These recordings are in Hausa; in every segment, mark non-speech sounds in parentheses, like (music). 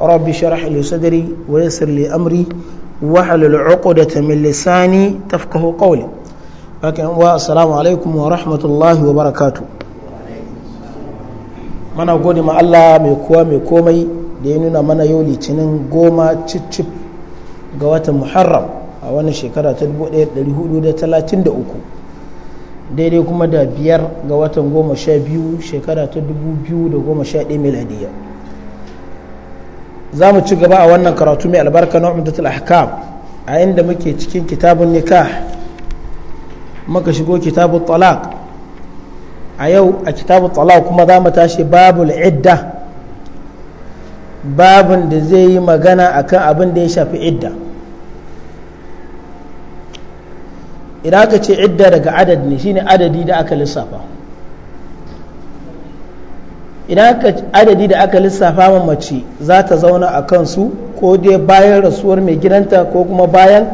rabbi sharax li sadri wayasir li amri waxlil cuqdata min lisaani tafkahu qawli lakin wa assalaamu alaykum wa raxmatullaahi wa barakaatu mana gode ma allah mai kowa mai komai da ya nuna mana yau litinin goma cicip ga watan muharram a wannan shekara da 1433 daidai kuma da biyar ga watan goma sha biyu shekara ta 2011 miladiyya za mu ci gaba a wannan karatu mai albarka na umdatul ahkam a inda muke cikin kitabun nikah muka shigo kitabun talaq a yau a kitabun talaq kuma za mu tashi babul idda babin da zai yi magana akan abin da ya shafi idda idan aka ce idda daga adad ne shine adadi da aka lissafa idan aka adadi da aka lissafa ma mace za ta zauna a kansu ko dai bayan rasuwar mai gidanta ko kuma bayan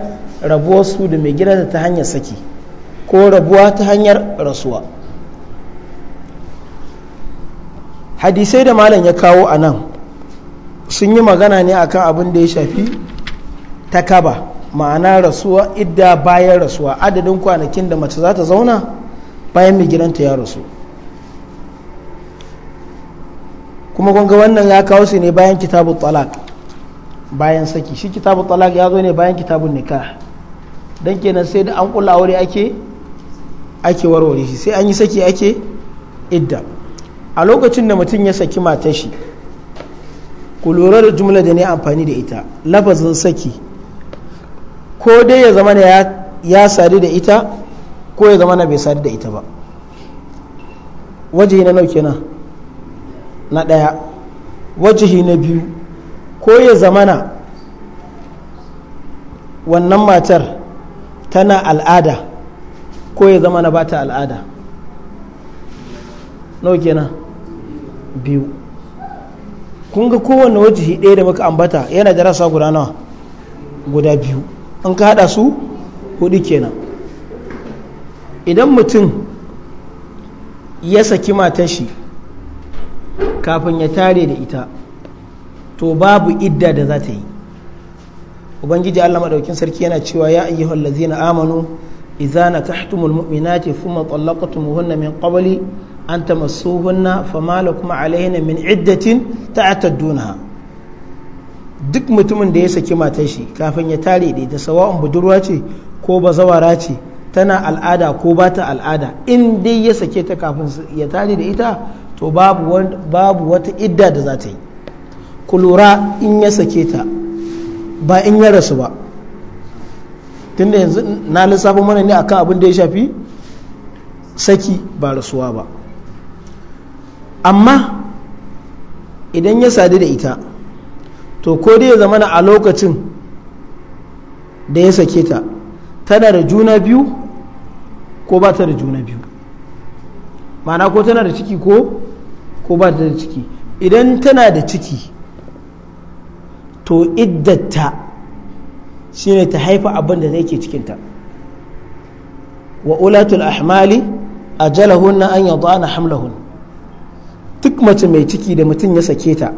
rabuwar su da mai gidanta ta hanyar saki ko rabuwa ta hanyar rasuwa hadisai da malam ya kawo a nan sun yi magana ne akan abin da ya shafi takaba ma'ana rasuwa idda bayan rasuwa adadin kwanakin da mace za ta zauna bayan mai gidanta ya rasu kuma kun wannan ya kawo su ne bayan kitabu talak bayan saki shi kitabu talak ya zo ne bayan kitabun nika dan kenan sai da an kula aure ake ake warware shi sai an yi saki ake idda a lokacin da mutum ya saki matar shi ku lura da jumla da ne amfani da ita lafazin saki ko dai ya zama ya sadu da ita ko ya zama bai sadu da ita ba waje na nauke na na ɗaya wajihi na biyu ko ya zamana wannan matar tana al'ada ko ya zamana ba ta al'ada nawa kenan biyu kun ga kowane wajihi ɗaya da muka ambata yana da rasa guda nawa guda biyu in ka haɗa su hudu kenan idan mutum ya saki matashi shi kafin ya tare da ita to babu idda da za ta yi ubangiji allah maɗaukin sarki yana cewa ya ayyuhal ladzina amanu idza nakahtumul mu'minati thumma talaqtumuhunna min qabli an hunna famala kuma alaina min iddatin ta'taddunaha duk mutumin da ya saki matar shi kafin ya tare da ita sawa'un budurwa ce ko bazawara ce tana al'ada ko ba ta al'ada in dai ya sake ta kafin ya tare da ita to babu wata idda da za ta yi ku lura in ya sake ta ba in ya rasu ba tunda yanzu na lissafin mana ne akan abin da ya shafi saki ba rasuwa ba amma idan ya sadu da ita to ko dai ya zamana a lokacin da ya sake ta tana da juna biyu ko ba ta da juna biyu ma'ana ko tana da ciki ko ko ba ta da ciki idan tana da ciki to iddatta shine ta haifa abin da zai ke cikinta wa ulatul ahmali na an ana hamlahun duk mace mai ciki da mutum ya sake ta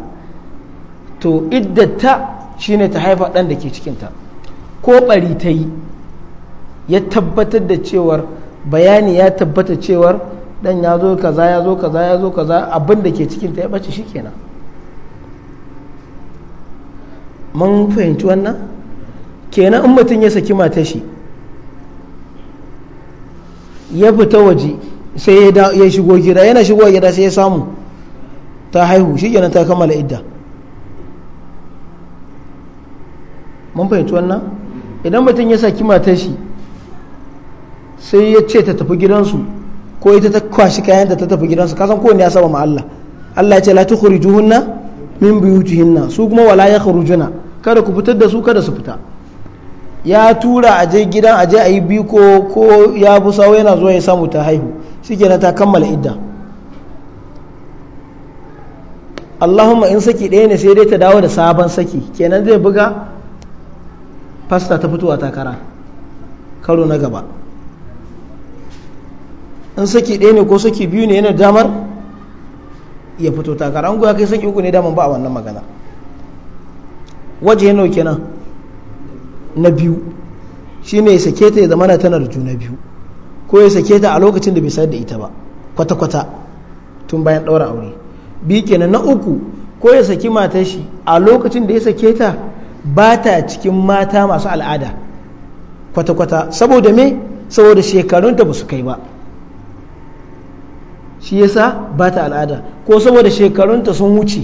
to iddatta shine ta haifa ɗan da ke cikinta ko ɓari ta yi ya tabbatar da cewar bayani ya tabbata cewar dan ya zo kaza ya zo kaza ya zo kaza abin da ke cikin ta ya bace shikenan mun fahimci wannan kenan in mutum ya saki matar shi ya fita waje sai ya shigo gida yana shigo gida sai ya samu ta haihu shikenan ta kammala idda mun fahimci wannan idan mutum ya saki matar shi sai ya ce ta tafi gidansu ko ita ta kwashi kayan da ta tafi gidansu kasan kowanne ya saba ma Allah Allah ya ce la tukhrijuhunna min buyutihinna su kuma wala yakhrujuna kada ku fitar da su kada su fita ya tura a je gidan a je a yi biko ko ya bi sawo yana zuwa ya samu ta haihu shikenan ta kammala idda Allahumma in saki ɗaya ne sai dai ta dawo da sabon saki kenan zai buga fasta ta fitowa takara karo na gaba in saki ɗaya ne ko saki biyu ne yana damar ya fito takara an goya kai saki uku ne damar ba a wannan magana waje yana kenan na biyu shi ne ya sake ta ya zama na tana da juna biyu ko ya sake ta a lokacin da bai sayar da ita ba kwata-kwata tun bayan ɗaura aure biyu kenan na uku ko ya saki matar shi a lokacin da ya sake ta ba ta cikin mata masu al'ada kwata-kwata saboda me saboda shekarunta ba su kai ba shi yasa ba ta al'ada ko saboda shekarunta sun wuce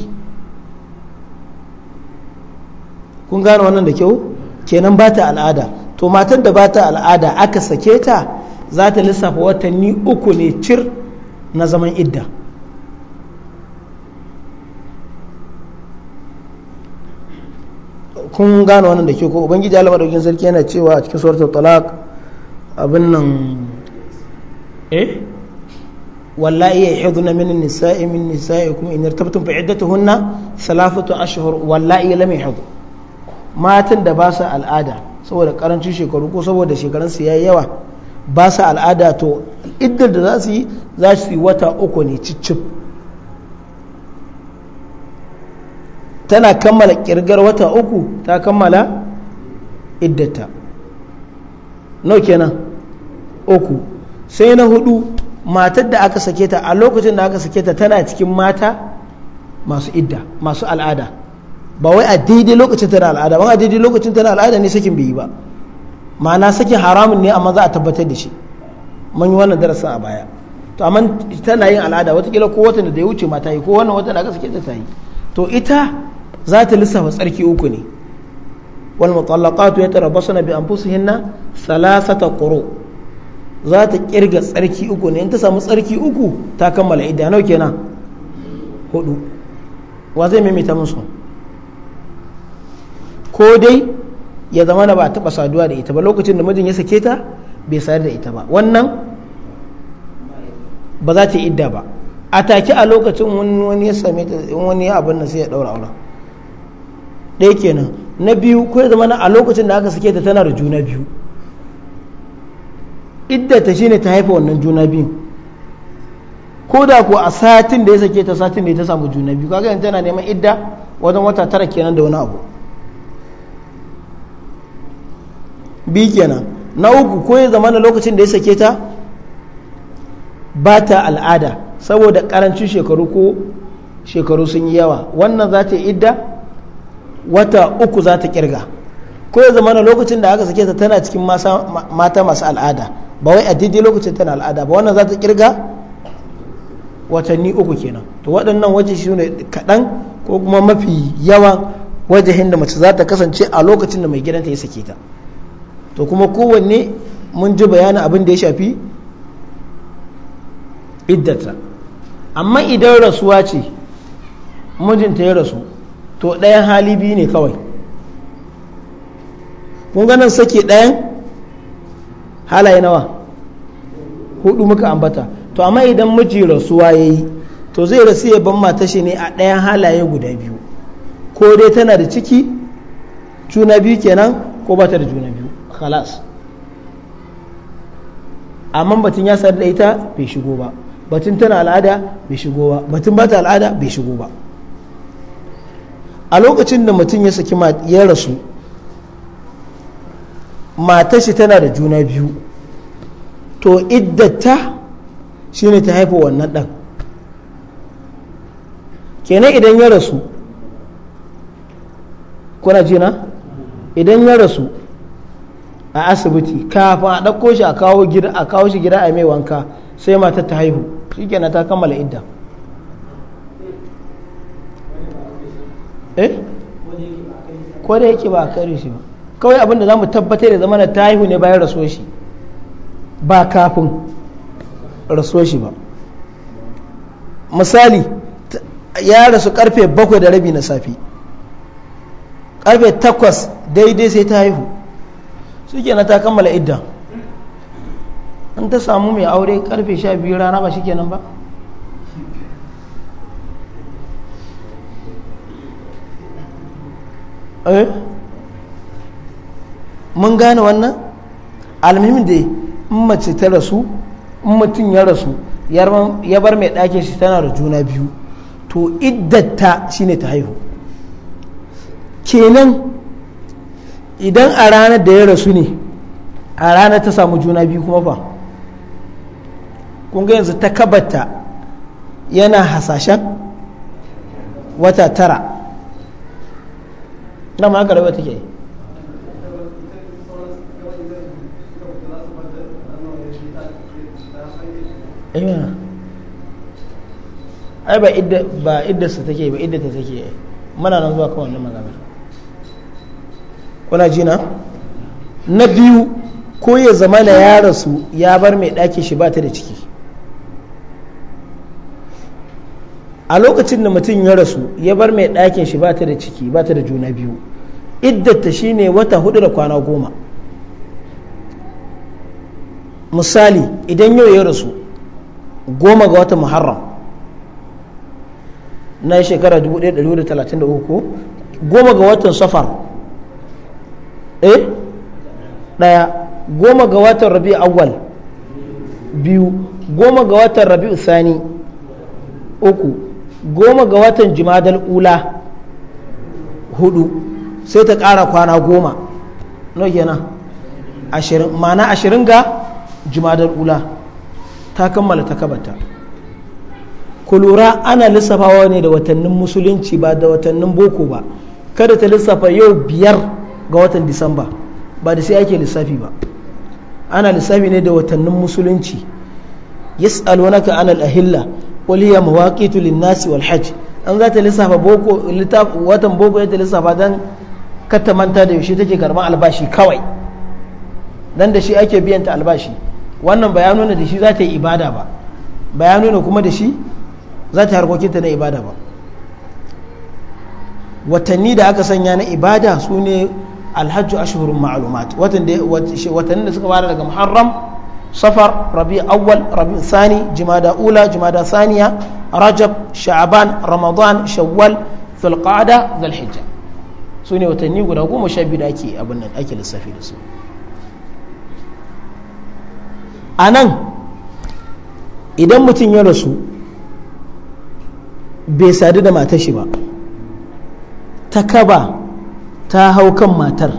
kun gane wannan da kyau kenan ba ta al'ada to matan da ba ta al'ada aka sake ta za ta lissafa watanni uku ne cir na zaman idda kun gane wannan da kyau ko ubangiji alama da sarki yana cewa a cikin suratul talak abin nan eh wallahi ya hiduna min nisa'i min nisa'ikum in irtabtum ta iddatuhunna salafatu ashhur wallahi lam hidu matan da ba su al'ada saboda karancin shekaru ko saboda shekarun su yayi yawa ba su al'ada to iddar da za su yi za su yi wata uku ne cicif tana kammala kirgar wata uku ta kammala iddata nau kenan uku sai na hudu matar da aka sake ta a lokacin da aka sake ta tana cikin mata masu idda masu al'ada ba wai a daidai lokacin tana al'ada ba a daidai lokacin tana al'ada ne sakin bai yi ba ma'ana sakin haramun ne amma za a tabbatar da shi mun yi wannan darasin a baya to amma tana yin al'ada watakila ko watan da ya wuce ma ta yi ko wannan watan da aka sake ta ta yi to ita za ta lissafa tsarki uku ne wal mutallaqatu yatarabbasuna bi anfusihinna thalathata quru' za ta kirga tsarki uku ne in ta samu tsarki uku ta kammala idda nau kenan hudu wa zai maimaita musu ko dai ya zama na ba a taba saduwa da ita ba lokacin da mijin ya sake ta bai sayar da ita ba wannan ba za ta yi idda ba a take a lokacin wani ya same ta wani ya abin nan sai ya daura auren ɗaya kenan na biyu ko ya zama na a lokacin da aka sake ta tana da juna biyu iddata shine ta haifa wannan juna biyun ko da ko a satin da ya sake ta satin da ya ta samu juna biyu kaga yanzu tana neman idda wajen wata tara kenan da wani abu bi kenan na uku ko ya zama na lokacin da ya sake ta ba ta al'ada saboda karancin shekaru ko shekaru sun yi yawa wannan za ta yi idda wata uku za ta kirga ko ya zama na lokacin da aka sake ta tana cikin mata masu al'ada ba wai a daidai lokacin tana al'ada ba wannan za ta kirga watanni uku kenan to waɗannan waje shi ne kaɗan ko kuma mafi yawan wajehin da mace za ta kasance a lokacin da mai gidanta ya sake ta to kuma kowanne mun ji bayanin abin da ya shafi iddata amma idan rasuwa ce mijinta ya rasu to ɗayan hali biyu ne kawai kun ganin sake ɗayan halaye nawa hudu muka ambata to amma idan miji rasuwa ya yi to zai rasu ya ban mata shi ne a ɗayan halaye guda biyu ko dai tana da ciki juna biyu kenan ko ba ta da juna biyu halas amma batun ya sadu da ita bai shigo ba batun tana al'ada bai shigo ba batun ba ta al'ada bai shigo ba a lokacin da mutum ya saki ya rasu matar shi tana da juna biyu to iddata shine ta haifa wannan ɗan kenan idan ya rasu kuna jina idan ya rasu a asibiti kafin a ɗauko shi a kawo gida a kawo shi gida a mai wanka sai matar ta haihu shikenan ta kammala idda eh ko da yake ba a kare shi ba kawai abin da za mu tabbatar da zamana ta haihu ne bayan rasuwar shi ba kafin rasuwar shi ba misali ya rasu karfe bakwai da rabi na safi karfe takwas daidai sai ta haihu su na ta kammala idda an ta samu mai aure karfe sha biyu rana ba shi kenan ba eh mun gane wannan almuhim da in mace ta rasu in mutum ya rasu ya bar mai ɗakin shi tana da juna biyu to iddata shine ta haihu kenan idan a ranar da ya rasu ne a ranar ta samu juna biyu kuma fa kunga yanzu ta kabata yana hasashen wata tara na ma yi ai ba idda ba iddarsa take ba iddata take yi muna nan zuwa kawai wannan magana kuna jina? na biyu ko ya zama na ya rasu ya bar mai ɗaki shi ba ta da ciki a lokacin da mutum ya rasu ya bar mai ɗakin shi ba ta da ciki ba ta da juna biyu shi ne wata hudu da kwana goma misali idan yau ya rasu goma ga watan muharram na shekara 1133 ko goma ga watan safar eh daya goma ga watan rabi awwal biyu goma ga watan rabi sani uku goma ga watan jumadal ula hudu sai ta kara kwana goma no kenan ashirin mana ashirin ga jumadal ula ta kammala ta kabata ku lura ana lissafawa ne da watannin musulunci ba da watannin boko ba kada ta lissafa yau biyar ga watan disamba ba da sai ake lissafi ba ana lissafi ne da watannin musulunci yas'alunaka anal ahilla qul hiya mawaqitu lin-nasi wal hajj an za ta lissafa boko watan boko ya ta lissafa dan karta manta da yaushe take karban albashi kawai dan da shi ake biyan ta albashi wannan ba ya nuna da shi za ta yi ibada ba ba ya kuma da shi za ta harkokinta na ibada ba watanni da aka sanya na ibada su ne alhajju ashhurun ma'alumat watanni da suka fara daga muharram safar rabi awwal rabi sani jimada ula jimada saniya rajab sha'aban ramadan shawwal zulqa'ada zulhijja su ne watanni guda goma sha biyu da ake abin nan ake lissafi da su a nan idan mutum ya rasu bai sadu da matar shi ba ta kaba ta hau kan matar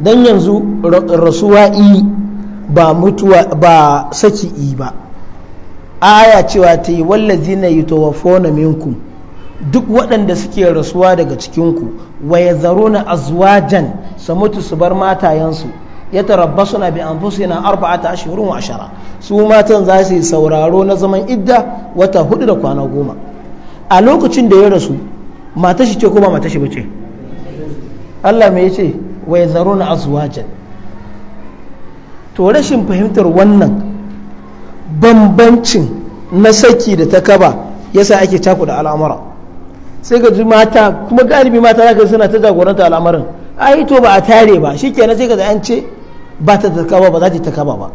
don yanzu rasuwa i ba mutuwa ba saki i ba aya cewa ta yi wallazi na yi tawafona duk waɗanda suke rasuwa daga cikinku wa ya zaro na azwajan su mutu su bar matayensu ya tarabbasu na bi anfusina arba'ata ashhurun wa ashara su matan za su yi sauraro na zaman idda wata hudu da kwana goma a lokacin da ya rasu mata shi ce kuma mata shi bace Allah ce yace wa na azwajan to rashin fahimtar wannan bambancin na saki da ta kaba yasa ake cakuda al'amura sai ga mata kuma galibi mata zaka suna ta jagoranta al'amarin ai to ba a tare ba shi shikenan sai ga an ce ba ta kaba ba za ta takaba ba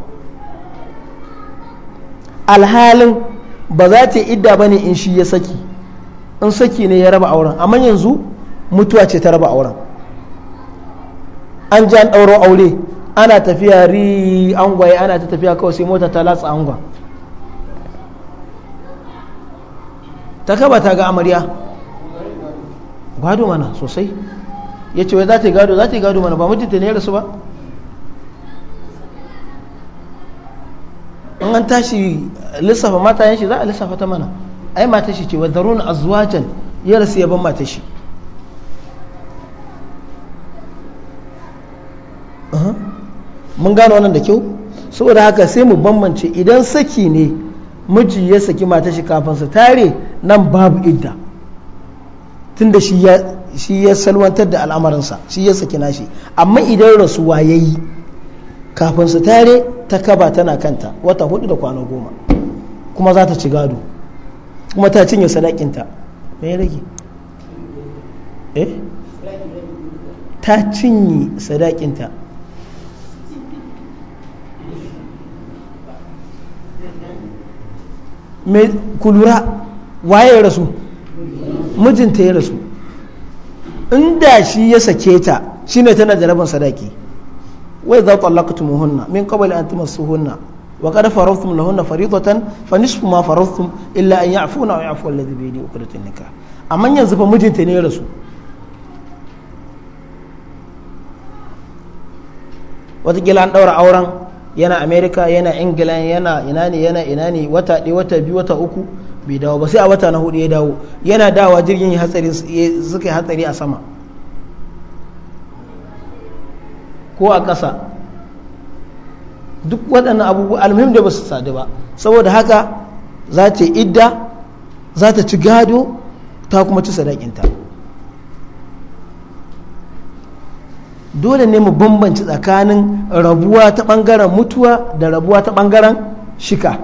alhalin ba za ta idda ba ne in shi ya saki in saki ne ya raba auren amma yanzu mutuwa ce ta raba auren an ji an ɗauro aure ana tafiya ri angwaye ana ta tafiya kawai sai mota ta latsa angwa ta kaba ta ga amarya gado mana sosai ya ce wai za ta gado za ta gado mana ba mutunta ne ya rasu ba in an tashi lissafa matayen shi za a lissafa ta mana ai mata shi ce wadda runa azuwajen ya rasu yaban mata shi mun gano wannan da kyau saboda haka sai mu bambance idan saki ne miji ya saki mata shi kafin su tare nan babu idda tunda shi ya salwantar da al'amarinsa shi ya saki nashi amma idan rasuwa ya yi kafin su tare ta kaba tana kanta wata hudu da kwana goma kuma za ta ci gado kuma ta cinye sadakinta me ya rage eh ta cinye sadakinta me kulura waye ya rasu mijinta ya rasu inda shi ya sake ta shine tana da sadaki wa idza talaqtumuhunna min qabl an tamassuhunna wa qad faradtum lahunna fariidatan fa nisfu ma faradtum illa an ya'funa aw ya'fu alladhi bi yadihi uqdatun nikah amma yanzu fa mijinta ne ya rasu watakila an auren yana amerika yana ingila yana ina yana ina wata biyu wata uku bai dawo ba sai a wata na hudu ya dawo yana dawa jirgin hatsari suka hatsari a sama ko a ƙasa duk waɗannan abubuwa almuhim da ba su sadu ba saboda haka za ta idda za ta ci gado ta kuma ci sadakinta dole ne mu bambanci tsakanin rabuwa ta ɓangaren mutuwa da rabuwa ta ɓangaren shika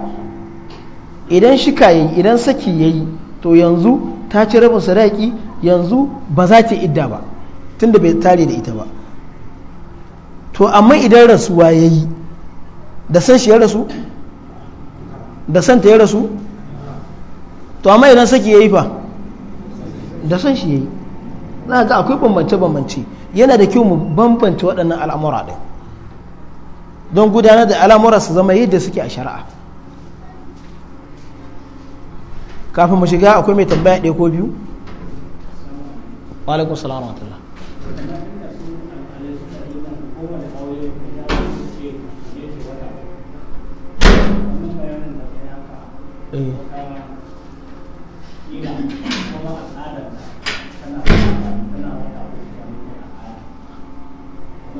idan shika ya yi idan saki ya yi to yanzu ta ci rabin sadaki yanzu ba za ta idda ba tunda bai tare da ita ba to amma idan rasuwa ya yi da san shi ya rasu da san ta ya rasu to amma idan saki ya yi fa da san shi ya yi za ga akwai bambance-bambance yana da kyau mu bambance waɗannan al'amura ɗin don gudanar da al'amura su zama yadda suke a shari'a kafin mu shiga akwai mai tambaya ɗaya ko biyu wa alaikun salamu wa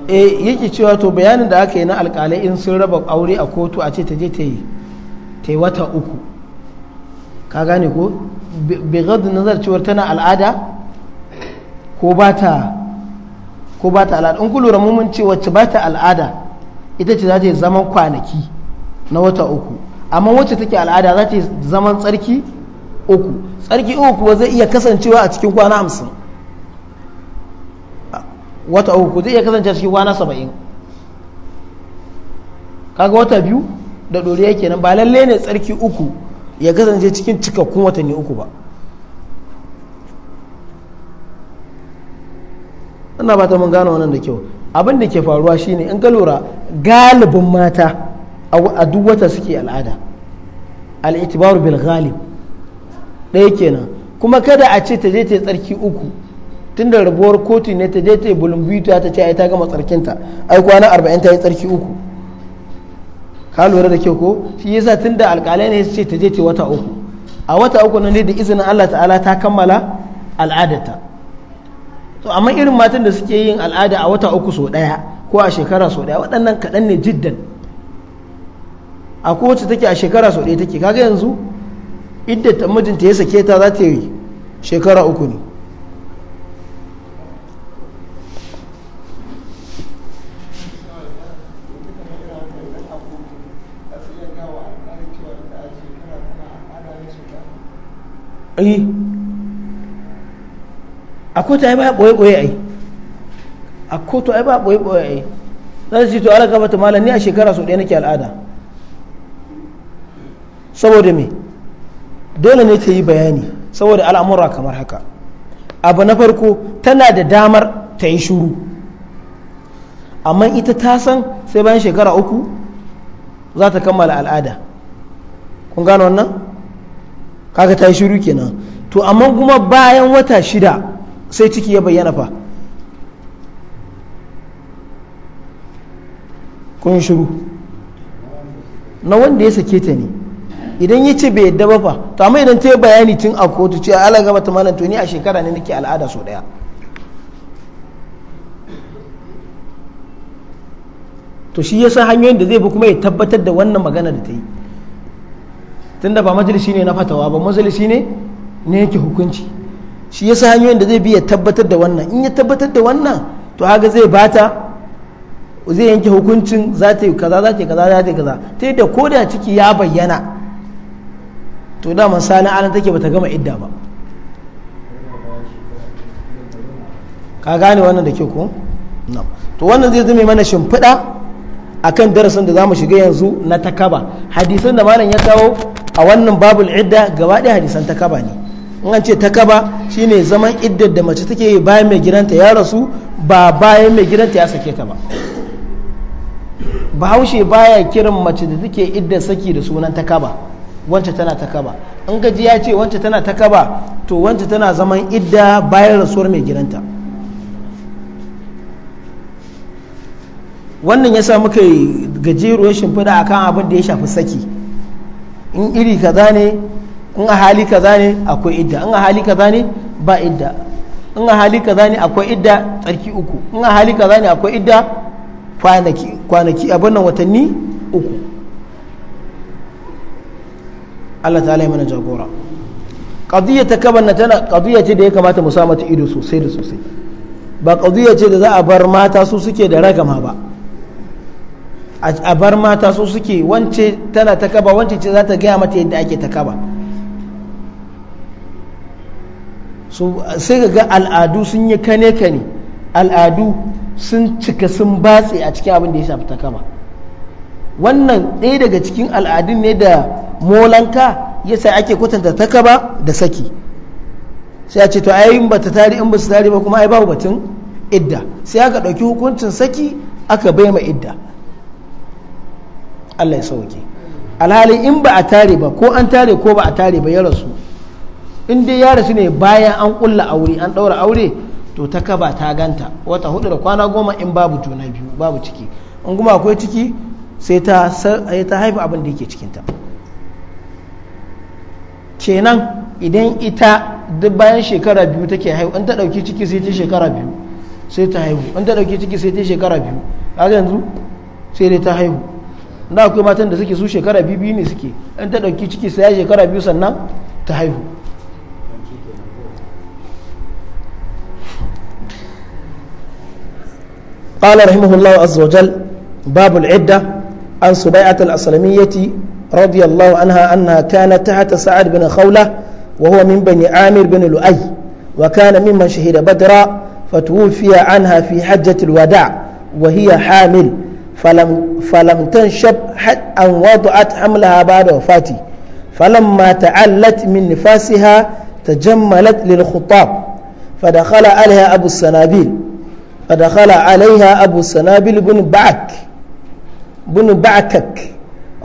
e yake cewa to bayanin da aka yi na alkalai in sun raba aure a kotu a ce ta je ta yi ta yi wata uku ka gane ko bai bigad nazar cewar tana al'ada ko ba ta ko ba ta al'ada in ku lura mun ce wacce ba ta al'ada ita ce za ta yi zaman kwanaki na wata uku amma wacce take al'ada za ta yi zaman tsarki uku tsarki uku kuwa zai iya kasancewa a cikin kwana hamsin wata uku zai iya kasancewa cikin kwana saba'in kaga wata biyu da ɗoriya kenan ba lalle ne tsarki uku ya kasance cikin cikakkun watanni uku ba ina ba ta mun gano wannan da kyau abin da ke faruwa shine in ka lura galibin mata a duk wata suke al'ada al'itibar bil ghalib ɗaya kenan kuma kada a ce ta je ta tsarki uku tunda rabuwar kotu ne ta je ta yi bulumbita ta ce ai ta gama tsarkinta ai kwana arba'in ta yi tsarki uku ka lura da kyau ko shi yasa tunda alƙalai ne su ce ta je ta wata uku a wata uku nan ne da izinin Allah ta'ala ta kammala al'adarta to amma irin matan da suke yin al'ada a wata uku so daya ko a shekara so daya waɗannan kaɗan ne jiddan a kowace take a shekara so daya take kaga yanzu idda ta mijinta ya sake ta za ta yi shekara uku ne eh a kotu ai ba boye boye ai a kotu ai ba boye boye ai za su ce to ala gaba ta malam ni a shekara su ɗaya nake al'ada saboda me dole ne ta yi bayani saboda al'amura kamar haka abu na farko tana da damar ta yi shuru amma ita ta san sai bayan shekara uku za ta kammala al'ada kun gano wannan kaga ta yi shuru kenan to amma kuma bayan wata shida sai ciki ya bayyana fa kun shiru na wanda ya sake ta ne idan ya ce bai yadda ba fa to amma idan ta yi bayani tun a kotu ce ala gaba ta malam a shekara ne nake al'ada sau daya to shi yasa hanyoyin da zai bi kuma ya tabbatar da wannan magana da ta yi tun da ba majalisi ne na fatawa ba majalisi ne ne yake hukunci shi yasa hanyoyin da zai bi ya tabbatar da wannan in ya tabbatar da wannan to haka zai bata zai yanke hukuncin za ta yi kaza za ta yi kaza za ta yi kaza ta yadda ko da ciki ya bayyana to dama sani anan take bata gama idda ba ka gane wannan da ke ko to wannan zai zama mana shimfiɗa akan darasin da za mu shiga yanzu na takaba hadisan da malam ya kawo a wannan babul idda gaba ɗaya hadisan takaba ne in an ce takaba shine zaman iddar da mace take bayan mai gidanta ya rasu ba bayan mai gidanta ya sake ta ba bahaushe baya kiran mace da take iddar saki da sunan takaba wance tana takaba in gaji ya ce wance tana takaba to wance tana zaman idda bayan rasuwar mai gidanta wannan ya sa muka yi gajeruwar shimfiɗa akan abin da ya shafi saki in iri kaza ne in a hali kaza ne akwai idda in a hali kaza ne ba idda in a hali kaza ne akwai idda tsarki uku in a hali kaza ne akwai idda kwanaki kwanaki abin nan watanni uku Allah ta'ala mana jagora qadiyya ta na tana qadiyya ce da ya kamata mu sa mata ido sosai da sosai ba qadiyya ce da za a bar mata su suke da ragama ba a bar mata su suke wance tana ta kaba wance ce za ta gaya mata yadda ake ta kaba so sai ga al'adu sun yi kane kane al'adu sun cika sun batse a cikin abin da ya shafi takaba wannan ɗaya daga cikin al'adun ne da molanka ya sa ake kwatanta takaba da saki sai a ce to ai ba ta tari in ba su tari ba kuma ai babu batun idda sai aka ɗauki hukuncin saki aka bai ma idda Allah ya sauke alhali in ba a tare ba ko an tare ko ba a tare ba ya rasu in dai ya rasu ne bayan an kulla aure an ɗaura aure to ta kaba ta ganta wata hudu da kwana goma in babu juna biyu babu ciki in kuma akwai ciki sai ta haifa abin da yake cikinta kenan idan ita duk bayan shekara biyu take haihu in ta ɗauki ciki sai ta shekara biyu sai ta haihu in ta ɗauki ciki sai ta shekara biyu a yanzu sai dai ta haihu da akwai matan da suke su shekara biyu ne suke in ta ɗauki ciki sai shekara biyu sannan ta haihu قال رحمه الله عز وجل باب العدة عن سبيعة الأسلمية رضي الله عنها أنها كانت تحت سعد بن خولة وهو من بني عامر بن لؤي وكان ممن شهد بدرا فتوفي عنها في حجة الوداع وهي حامل فلم, فلم تنشب حتى أن وضعت حملها بعد وفاته فلما تعلت من نفاسها تجملت للخطاب فدخل عليها أبو السنابيل فدخل عليها أبو السنابل بن بعك بن بعكك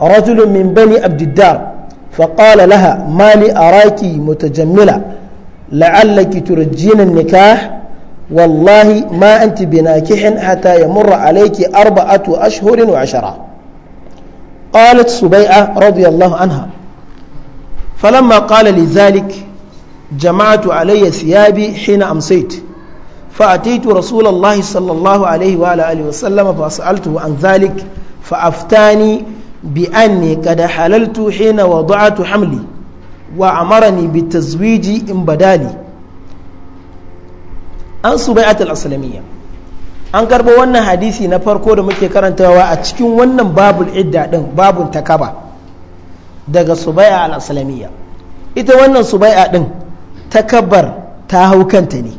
رجل من بني عبد الدار فقال لها ما لي أراك متجملة لعلك ترجين النكاح والله ما أنت بناكح حتى يمر عليك أربعة أشهر وعشرة قالت سبيعة رضي الله عنها فلما قال لذلك جمعت علي ثيابي حين أمسيت فأتيت رسول الله صلى الله عليه وآله وسلم فسألته عن ذلك فأفتاني بأني قد حللت حين وضعت حملي وأمرني بالتزويج إن بدالي أن سبيعة الأسلمية an karɓo wannan hadisi na farko da muke karantawa a cikin wannan babul idda din babun takaba daga subai'a al-aslamiyya ita wannan subai'a ɗin takabar ta hau kanta ne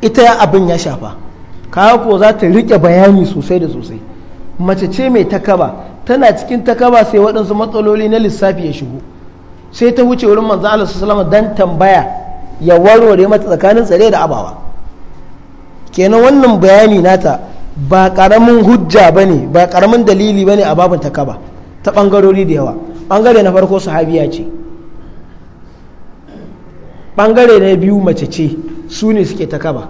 ita abin ya shafa kawo ko za ta riƙe bayani sosai da sosai mace ce mai takaba tana cikin takaba sai waɗansu matsaloli na lissafi ya shigo sai ta wuce wurin manzo Allah sallallahu alaihi dan tambaya ya warware mata tsakanin tsare da abawa kenan wannan bayani nata ba karamin hujja bane ba karamin dalili bane a babin takaba ta bangarori da yawa bangare na farko sahabiya ce bangare na biyu mace ce su ne suke takaba kaba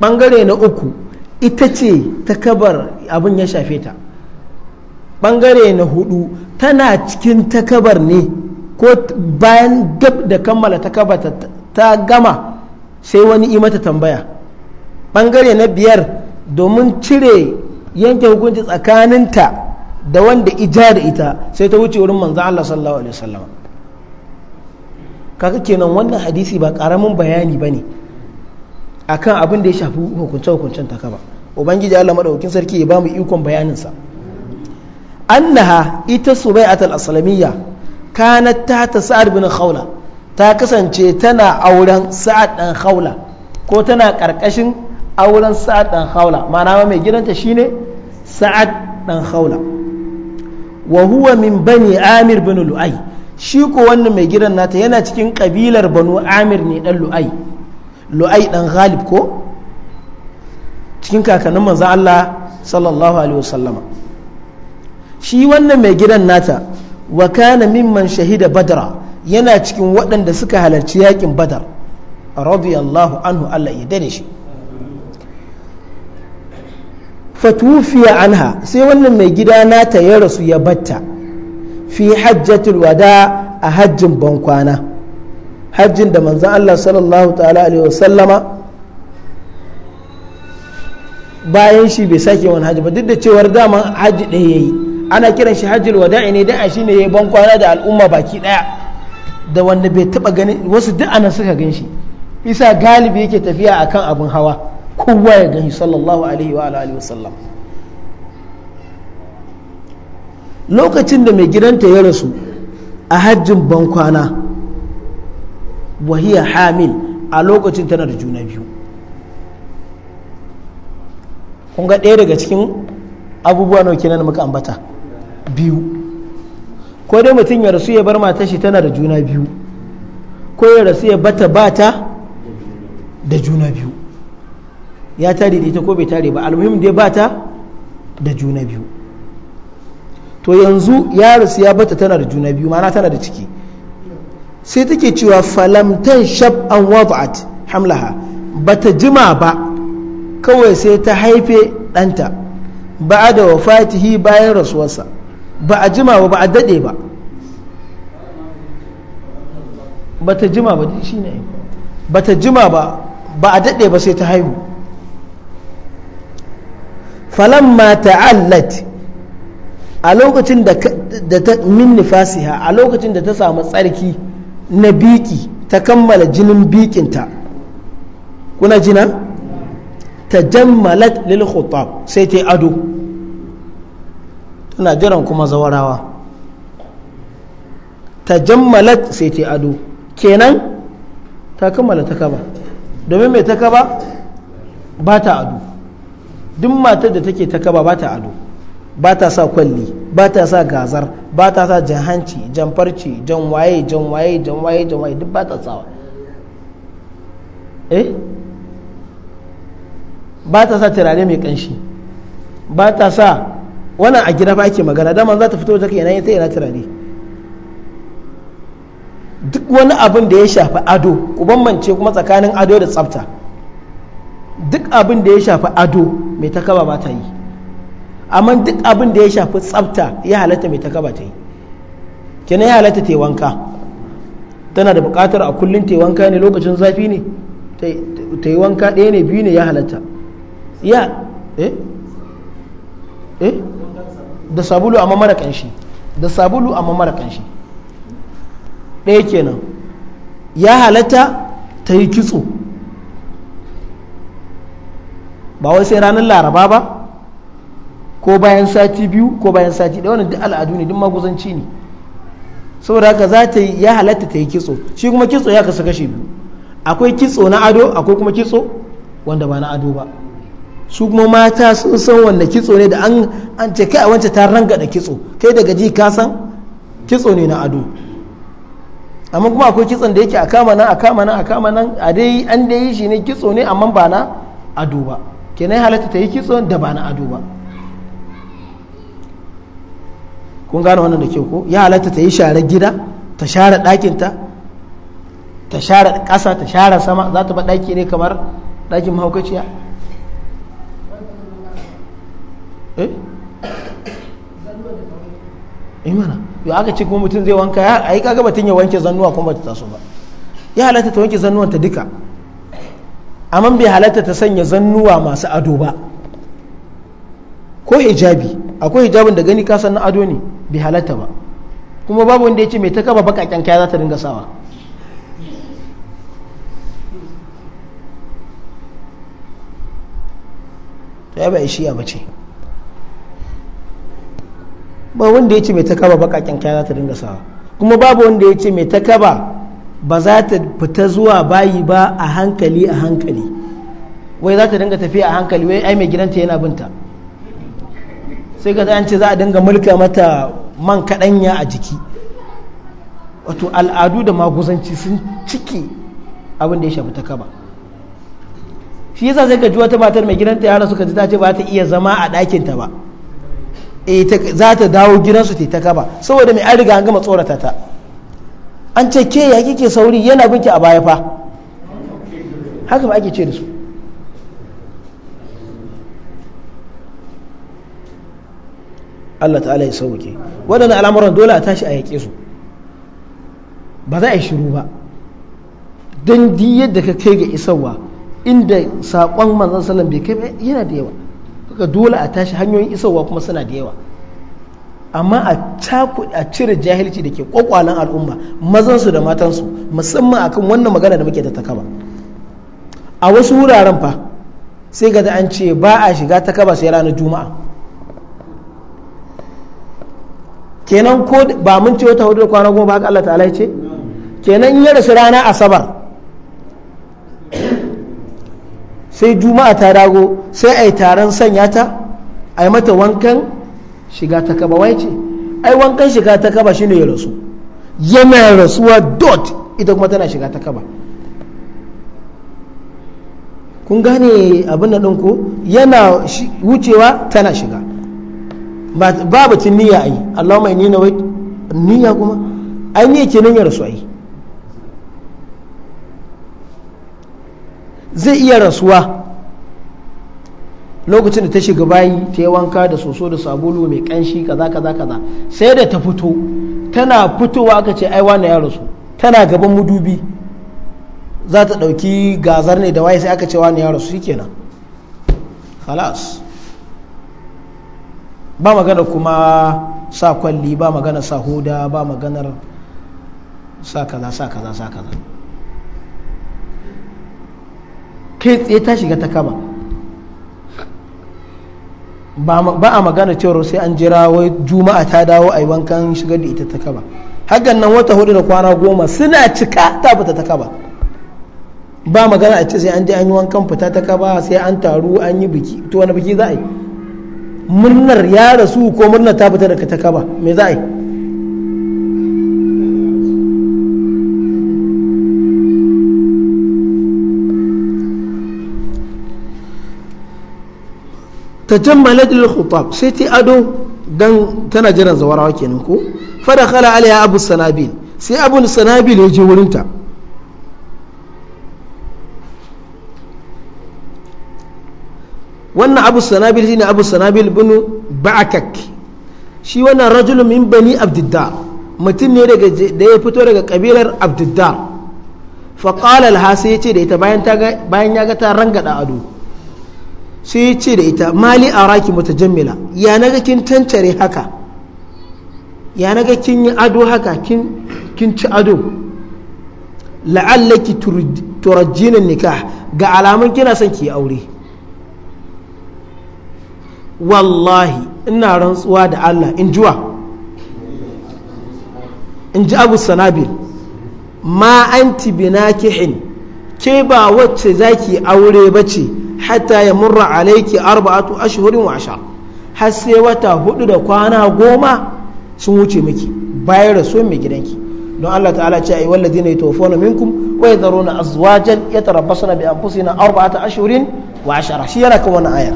ɓangare na uku ita ce takabar abin ya shafe ta ɓangare na hudu tana cikin takabar ne ko bayan gab da kammala takabar ta gama sai wani yi mata tambaya bangare na biyar domin cire yanke hukunci tsakaninta da wanda ija da ita sai ta wuce wurin manzan Allah sallallahu alaihi wasallam kaga kenan wannan hadisi ba karamin bayani ba bane akan abin da ya shafi hukunce hukuncen ta kaba ubangiji Allah maɗaukin sarki ya ba mu ikon bayanin sa annaha ita subai'atul aslamiyya kana ta ta sa'ad bin khawla ta kasance tana auren sa'ad dan khawla ko tana karkashin auren sa'ad dan khawla ma'ana ma mai gidanta shine sa'ad dan khawla wa huwa min bani amir bin Lu'ai. shi ko wannan mai gidan nata yana cikin kabilar banu amir ne dan lu'ai lu'ai dan ghalib ko cikin kakannin manzan Allah sallallahu alaihi wasallama shi wannan mai gidan nata wa kana mimman shahida badra yana cikin waɗanda suka halarci yakin badar radiyallahu anhu Allah ya dare shi fatufiya anha sai wannan mai gida nata ya rasu ya batta fi hajjatul wada a hajjin bankwana hajjin da manzan Allah sallallahu ta'ala alaihi wasallama bayan shi bai sake wani hajji ba duk da cewar daman hajji ɗaya yi ana kiran shi hajjin wada'i ne a shi ne ya yi bankwana da al'umma baki ɗaya da wanda bai taɓa ganin, wasu duk anan suka gan shi isa galibi yake tafiya akan abin hawa kowa ya gani sallallahu alaihi wa alihi wasallam lokacin da mai gidanta ya rasu a hajjin bankwana wahiya hamil a lokacin tana da juna biyu kun ga ɗaya daga cikin abubuwa nawa kenan muka ambata biyu ko dai mutum ya rasu ya bar matar shi tana da juna biyu ko ya rasu ya bata bata da juna biyu ya tare da ita ko bai tare ba almuhim dai bata da juna biyu to yanzu yarisu ya bata tana da juna biyu mana tana da ciki sai take cewa falamtan shab an wada'at hamlaha bata jima ba kawai sai ta haife ɗanta ba a da wafatihi bayan rasuwarsa ba a jima ba ba a daɗe ba bata jima ba shi ne bata jima ba ba a daɗe ba sai ta haihu falamma ta'allat a lokacin da ta min nifasiha a lokacin da ta samu tsarki na biki ta kammala jinin bikinta kuna jina ta jammalat lil khutab sai ta yi ado tana jiran kuma zawarawa ta jammalat sai ta yi ado kenan ta kammala ta kaba domin mai ta kaba ba ta ado duk matar da take ta kaba ba ta ado ba ta sa kwalli ba ta sa gazar ba ta sa jan hanci jan farce jan waye jan waye jan waye jan waye duk ba ta sawa eh ba ta sa turare mai kanshi ba ta sa wannan a gida ba ake magana dama za ta fito take yana ta yana turare duk wani abin da ya shafi ado ku bambance kuma tsakanin ado da tsafta duk abin da ya shafi ado mai ta kaba ba ta yi amma duk abin da ya shafi tsafta ya halatta mai takaba ta yi kenan ya halatta ta wanka tana da buƙatar a kullum ta wanka ne lokacin zafi ne ta yi wanka ɗaya ne biyu ne ya halatta ya eh eh da sabulu amma mara kanshi da sabulu amma mara kanshi ɗaya kenan ya halatta ta yi kitso ba wai sai ranar laraba ba ko bayan sati biyu ko bayan sati da wannan duk al'adu ne duk maguzanci ne saboda haka za ta yi ya halatta ta yi kitso shi kuma kitso ya kasu kashe biyu akwai kitso na ado akwai kuma kitso wanda ba na ado ba su kuma mata sun san wanda kitso ne da an an ce kai a wancan ta ranga da kitso kai daga ji ka san kitso ne na ado amma kuma akwai kitson da yake a kama nan a kama nan a kama nan a dai an dai shi ne kitso ne amma ba na ado ba kenan halatta ta yi kitso da ba na ado ba kun gane wannan da ke ko ya halatta ta yi share gida ta share ɗakinta ta share ƙasa ta share sama za ta ba ɗaki ne kamar ɗakin mahaukaciya eh imana eh yo aka ce kuma mutum zai wanka ya yi kaga batun ya wanke zannuwa kuma ta taso ba ya halatta ta wanke zannuwan ta duka amma bai halatta ta sanya zannuwa masu ado ba ko hijabi akwai hijabin da gani kasan na ado ne bai halatta ba kuma babu wanda ya ce mai ta kaba bakaken kaya za ta dinga sawa ya ba ishiya ba ce ba wanda ya ce mai ta kaba bakaken kaya za ta dinga sawa kuma babu wanda ya ce mai ta kaba ba za ta fita zuwa bayi ba a hankali a hankali wai za ta dinga tafiya a hankali wai ai mai gidanta yana binta sai ga an ce za a dinga mulka mata man kaɗanya a jiki wato al'adu da maguzanci sun ciki abin da ya shafi ta kaba shi yasa sai ka ji wata matar mai gidanta yara suka ji ta ce ba ta iya zama a eh, ta ba za ta dawo gidansu ta kaba saboda mai an riga an gama tsorata ta an ce ke ya kike sauri yana binki a baya fa haka ba ake ce da su Allah ta'ala ya sauke waɗannan al'amuran dole a tashi a yaƙe su ba za a yi shiru ba don di yadda ka kai ga isarwa inda saƙon manzan sallan bai kai yana da yawa kuka dole a tashi hanyoyin isarwa kuma suna da yawa amma a taku a cire jahilci da ke kwakwalan al'umma mazansu da matansu musamman akan wannan magana da muke ta takaba a wasu wuraren fa sai ga an ce ba a shiga takaba sai ranar juma'a kenan ko ba mun ce wata hudu da kwana goma ba haka Allah ta'ala ce kenan in ya rasu rana asabar sai juma'a ta dago sai a yi taron sanya ta a yi mata wankan shiga ta kaba wai ce ai wankan shiga ta kaba shine ya rasu yana rasuwa dot ita kuma tana shiga ta kaba kun gane abin da ɗin yana wucewa tana shiga ba batun niyya ai Allahumma nina wai niyya kuma ai niyya kenan ya rasu ai zai iya rasuwa lokacin da ta shiga bayi ta yi wanka da soso da sabulu mai kanshi kaza kaza kaza sai da ta fito tana fitowa aka ce ai wani ya rasu tana gaban mudubi za ta ɗauki gazar ne da waye sai aka ce wani ya rasu shikenan khalas ba magana kuma sa kwalli ba magana sa huda ba maganar sa kaza sa kaza sa kaza kai tsaye ta shiga ta kama ba a magana cewar sai an jira wai juma'a ta dawo a yi wankan shigar da ita ta kaba hagan nan wata hudu da kwana goma suna cika ta fita ta kaba ba magana a ce sai an je an yi wankan fita ta kaba sai an taru an yi biki to wani biki za a yi murnar ya rasu ko murnar ta fita daga takaba, mai za a yi ta jammalat al-khutab sai ta ado don tana jiran zawarawa kenan ko fada dakhala alaiha abu sanabil sai abu sanabil ya je wurinta wannan abu sanabil shine abu sanabil bin ba'akak shi wannan rajulun min bani abdiddar mutum ne daga da ya fito daga kabilar abdiddar fa qala laha sai ya ce da ita bayan ta bayan ya ga ta rangada ado sai ya ce da ita mali araki mutajammila ya naga kin tantare haka ya naga kin yi ado haka kin kin ci ado la'allaki turajjina nikah ga alamun kina son ki aure wallahi ina rantsuwa da Allah in jiwa in ji abu sanabil ma anti binakihin ke ba wacce zaki aure bace hatta ya murra alaiki arba'atu ashhurin wa asha har sai wata hudu da kwana goma sun wuce miki bayan rasuwar mai gidanki don Allah ta'ala ce ai walladina yatawaffawna minkum wa yadharuna azwajan yatarabbasuna bi anfusina arba'ata ashhurin wa asha shi yana kan wannan ayar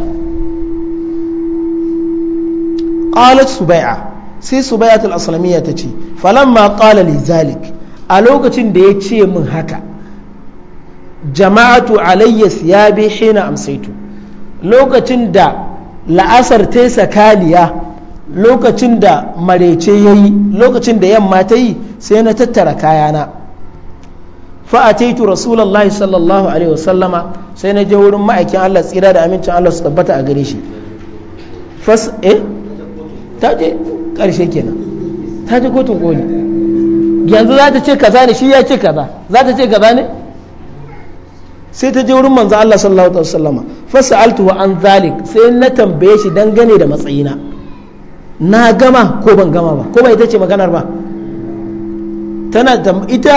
qalat subai'a sai subai'atul aslamiyya tace ce falamma qala li zalik a lokacin da ya ce min haka jama'atu alayya siyabi hina amsaitu lokacin da la'asar ta sakaliya lokacin da marece yayi lokacin da yamma ta yi sai na tattara kayana fa'ataitu rasulullahi sallallahu alaihi wasallama sai na je wurin ma'aikin Allah tsira da amincin Allah su tabbata a gare shi fas eh ta je karshe kenan ta je kotun koli yanzu za ta ce kaza ne shi ya ce kaza za ta ce kaza ne sai ta je wurin manzo Allah sallallahu alaihi wasallama fasaltuhu an zalik sai na tambaye shi dangane da matsayina na gama ko ban gama ba ko ba ita ce maganar ba tana da ita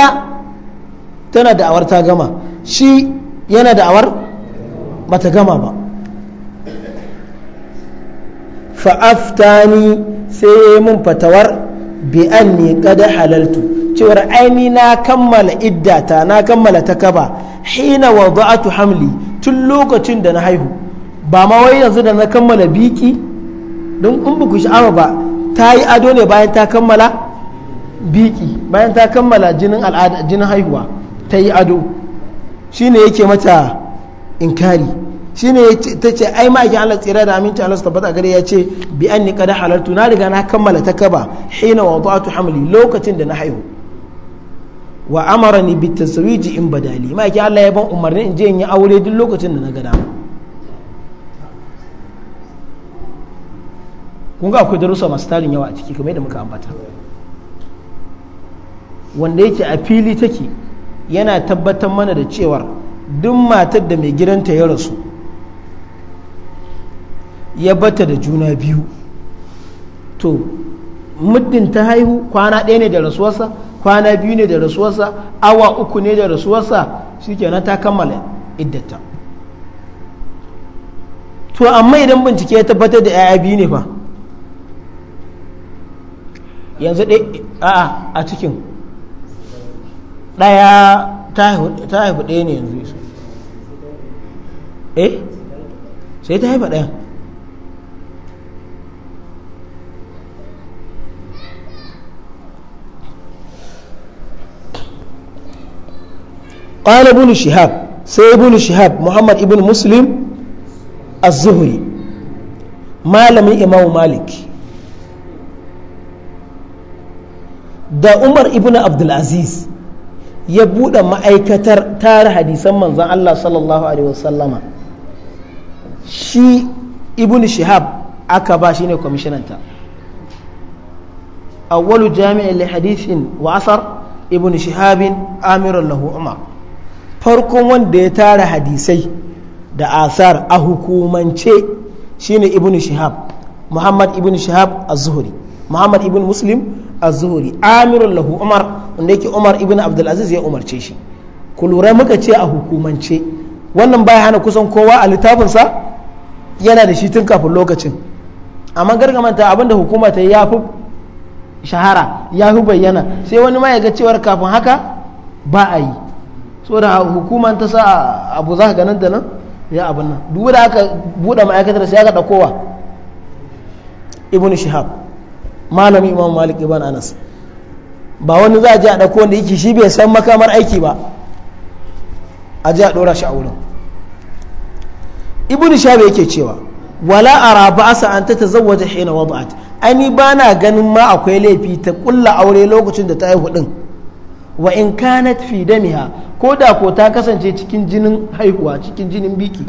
tana da awar ta gama shi yana da awar bata gama ba fa'aftani sai ya yi mun fatawar bi ni kada halaltu cewar aini na kammala iddata na kammala takaba. kaba hina wada'atu hamli tun lokacin da na haihu ba ma wai yanzu da na kammala biki don in buku sha'awa ba ta yi ado ne bayan ta kammala biki bayan ta kammala jinin al'ada jinin haihuwa ta yi ado shine yake mata inkari shine ta ce ai ma ake Allah tsira da aminci Allah su tabbata gare ya ce bi an ni kada halartu na riga na kammala ta kaba hina wa ba'atu hamli lokacin da na haihu wa amarani bi taswiji in badali ake Allah ya ban umarni in je in yi aure duk lokacin da na ga dama kun ga akwai darussa masu tarin yawa a ciki kamar yadda muka ambata wanda yake a fili take yana tabbatar mana da cewar duk matar da mai gidanta ya rasu ya bata da juna biyu to muddin ta haihu kwana ɗaya ne da rasuwarsa kwana biyu ne da rasuwarsa awa uku ne da rasuwarsa shikenan ta kammala iddata to amma idan bincike ya tabbatar da 'ya'ya biyu ne fa yanzu a a cikin ɗaya ta haifu ɗaya ne yanzu eh sai ta haifa ɗaya قال ابن شهاب sai bunu shihab muhammad ibn muslim az-zuhri malamin imamu malik da umar ibn abdulaziz ya buɗe ma'aikatar tara hadisan manzan allah sallallahu alaihi wasallama shi ibn shihab aka ba shi ne kwamishinanta awwalu jami'in li hadithin wa shihabin amirul lahu farkon wanda ya tara hadisai da asar a hukumance shine ibn shihab muhammad ibn shihab az-zuhri muhammad ibn muslim az-zuhri amirul lahu umar wanda yake umar ibn abdul aziz ya umarce shi ku lura muka ce a hukumance wannan baya hana kusan kowa a littafinsa yana da shi tun kafin lokacin amma gargamanta abinda hukuma ta ya fi shahara ya fi bayyana sai wani ma ya ga cewar kafin haka ba a yi da hukuma ta sa abu za ka ganin da nan ya abin nan duk da aka buɗe ma'aikatar sai aka ɗakowa ibn shihab malami imam malik ibn anas ba wani za a ji a ɗauko wanda yake shi bai san makamar aiki ba a ji a ɗora shi a wurin ibn shihab yake cewa wala ara Asa an ta tazawwaja hina wada'at ainihi ba na ganin ma akwai laifi ta kulla aure lokacin da ta haihu din wa in kanat fi damiha ko da ko ta kasance cikin jinin haihuwa cikin jinin biki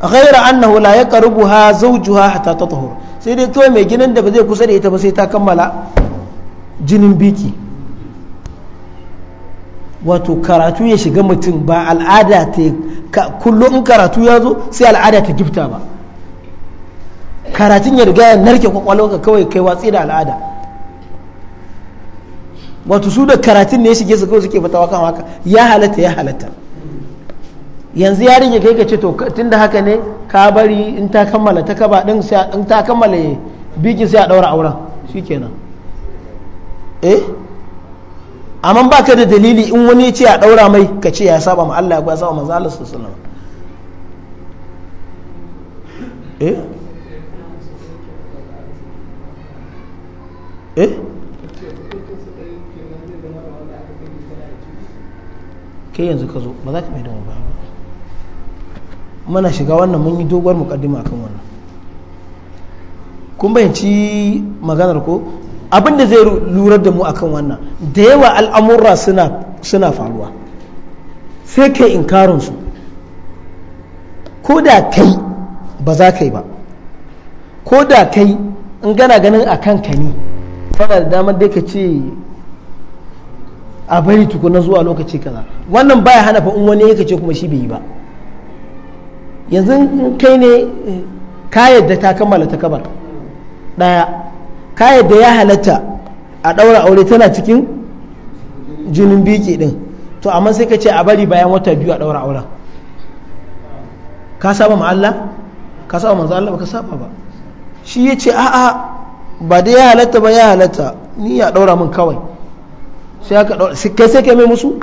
ghaira annahu la yaqrubuha zawjuha hatta tatahur sai dai kawai mai ginin da ba zai kusa da ita ba sai ta kammala jinin biki wato karatu ya shiga mutum ba al'ada ta kullum in karatu ya zo sai al'ada ta gifta ba karatun ya riga ya narke kwakwalwa kawai kai watsi da al'ada wato su da karatun ne shige su kawai suke fatawa kan haka ya halatta ya halatta yanzu ya rage kai ka ce to tunda haka ne ka bari in ta kammala ta kaba din sai in ta kammala biki sai a daura auren shikenan eh amma ba ka da dalili in wani ya ce a daura mai ka ce ya saba ma Allah ya saba manzo Allah sallallahu alaihi eh eh kai yanzu ka zo ba za ka mai da ba mana shiga wannan mun yi doguwar mukaddima akan wannan kun bayanci maganar ko abin da zai lura da mu akan wannan da yawa al'amurra suna faruwa sai kai inkarin su ko da kai ba za ka yi ba ko da kai in gana ganin a kanka ne fara da damar da ka ce a bari tukuna zuwa lokaci kaza wannan baya hana fa in wani yake ce kuma shi bai yi ba yanzu kai ne ka yadda ta kammala ta kabar daya ka yadda ya halatta a daura aure tana cikin jinin biki din to amma sai ka ce a bari bayan wata biyu a daura auren ka saba ma Allah ka saba manzo Allah ba ka saba ba shi yace a'a ba da ya halatta ba ya halatta ni ya daura min kawai sai aka ɗau kai sai kai mai musu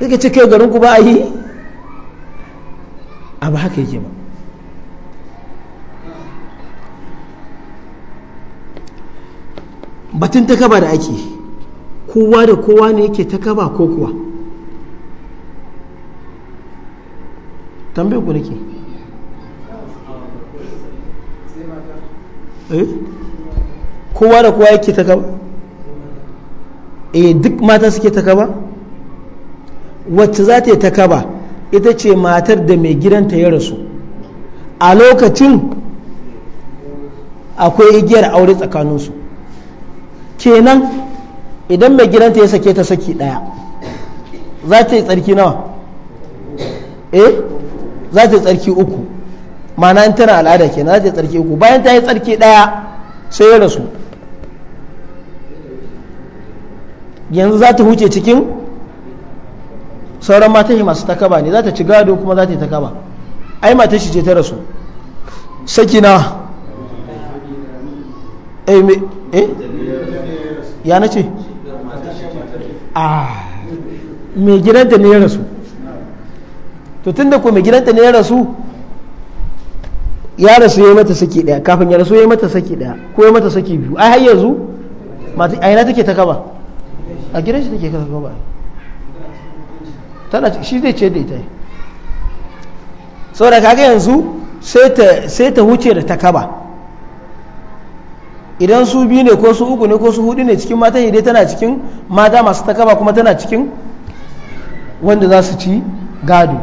sai ka ce kai garin ku ba a yi abu haka yake ba batun ta kaba da ake kowa da kowa ne yake ta kaba ko kuwa tambayar ku nake eh? kowa da kowa yake ta kaba eh duk mata suke ta kaba wacce za ta yi ta kaba ita ce matar da mai gidanta ya rasu a lokacin akwai igiyar aure tsakaninsu kenan idan mai gidanta ya sake ta saki daya za ta yi tsarki nawa eh za ta yi tsarki uku ma'ana in tana al'ada kenan za ta yi tsarki uku bayan ta yi tsarki daya sai ya rasu yanzu za ta huce cikin sauran mata shi masu takaba ne za ta ci gado kuma za ta yi takaba ai mata shi ce ta rasu sakina eh, eh? ya na ce a mai gidanta ne ya rasu to tun da ku mai gidanta ne ya rasu ya rasu ya yi mata saki daya kafin ya rasu ya yi mata saki daya ko ya mata saki biyu ai har yanzu a ina take takaba? a gidan shi take kasa gaba tana shi zai ce da ita saboda kaga yanzu sai ta wuce da ta kaba idan su biyu ne ko su uku ne ko su hudu ne cikin mata hidai tana cikin mata masu ta kaba kuma tana cikin wanda za su ci gado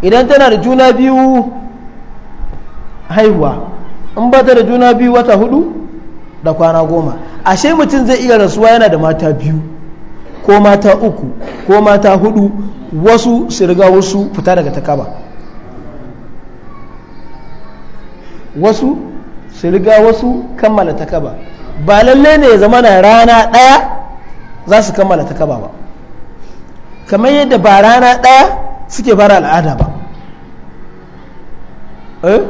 idan tana da juna biyu haihuwa in ba ta da juna biyu wata hudu da kwana goma ashe mutum zai iya rasuwa yana da mata biyu ko mata uku ko mata hudu wasu su riga wasu fita daga takaba wasu su riga wasu kammala takaba ba lalle ne zama na rana daya za su kammala takaba ba kamar yadda ba rana daya suke fara al'ada ba eh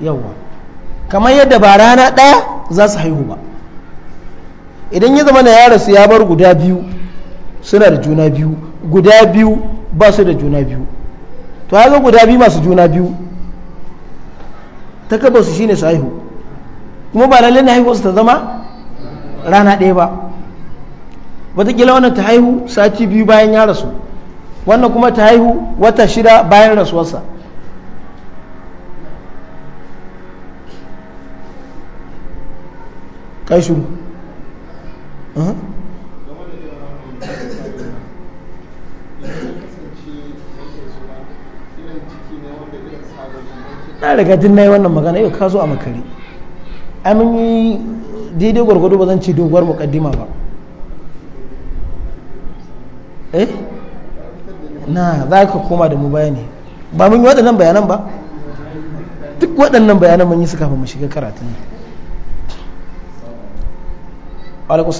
yawa kamar yadda ba rana daya za su haihu ba idan ya zama na ya rasu ya bar guda biyu suna da juna biyu guda biyu ba su da juna biyu to haka guda biyu masu juna biyu ta kaba su shine su haihu kuma ba lalle na su ta zama rana ɗaya ba wataƙila wannan ta haihu sati biyu bayan ya rasu wannan kuma ta haihu wata shida bayan rasuwarsa kai shuru na riga din na yi wannan magana yau ka zo a makare amin yi daidai gwargwado ba zan ce doguwar mukaddima ba eh na za ka koma da mu bayani ba mun yi waɗannan bayanan ba duk waɗannan bayanan mun yi su kafin mu shiga karatun ne alaikum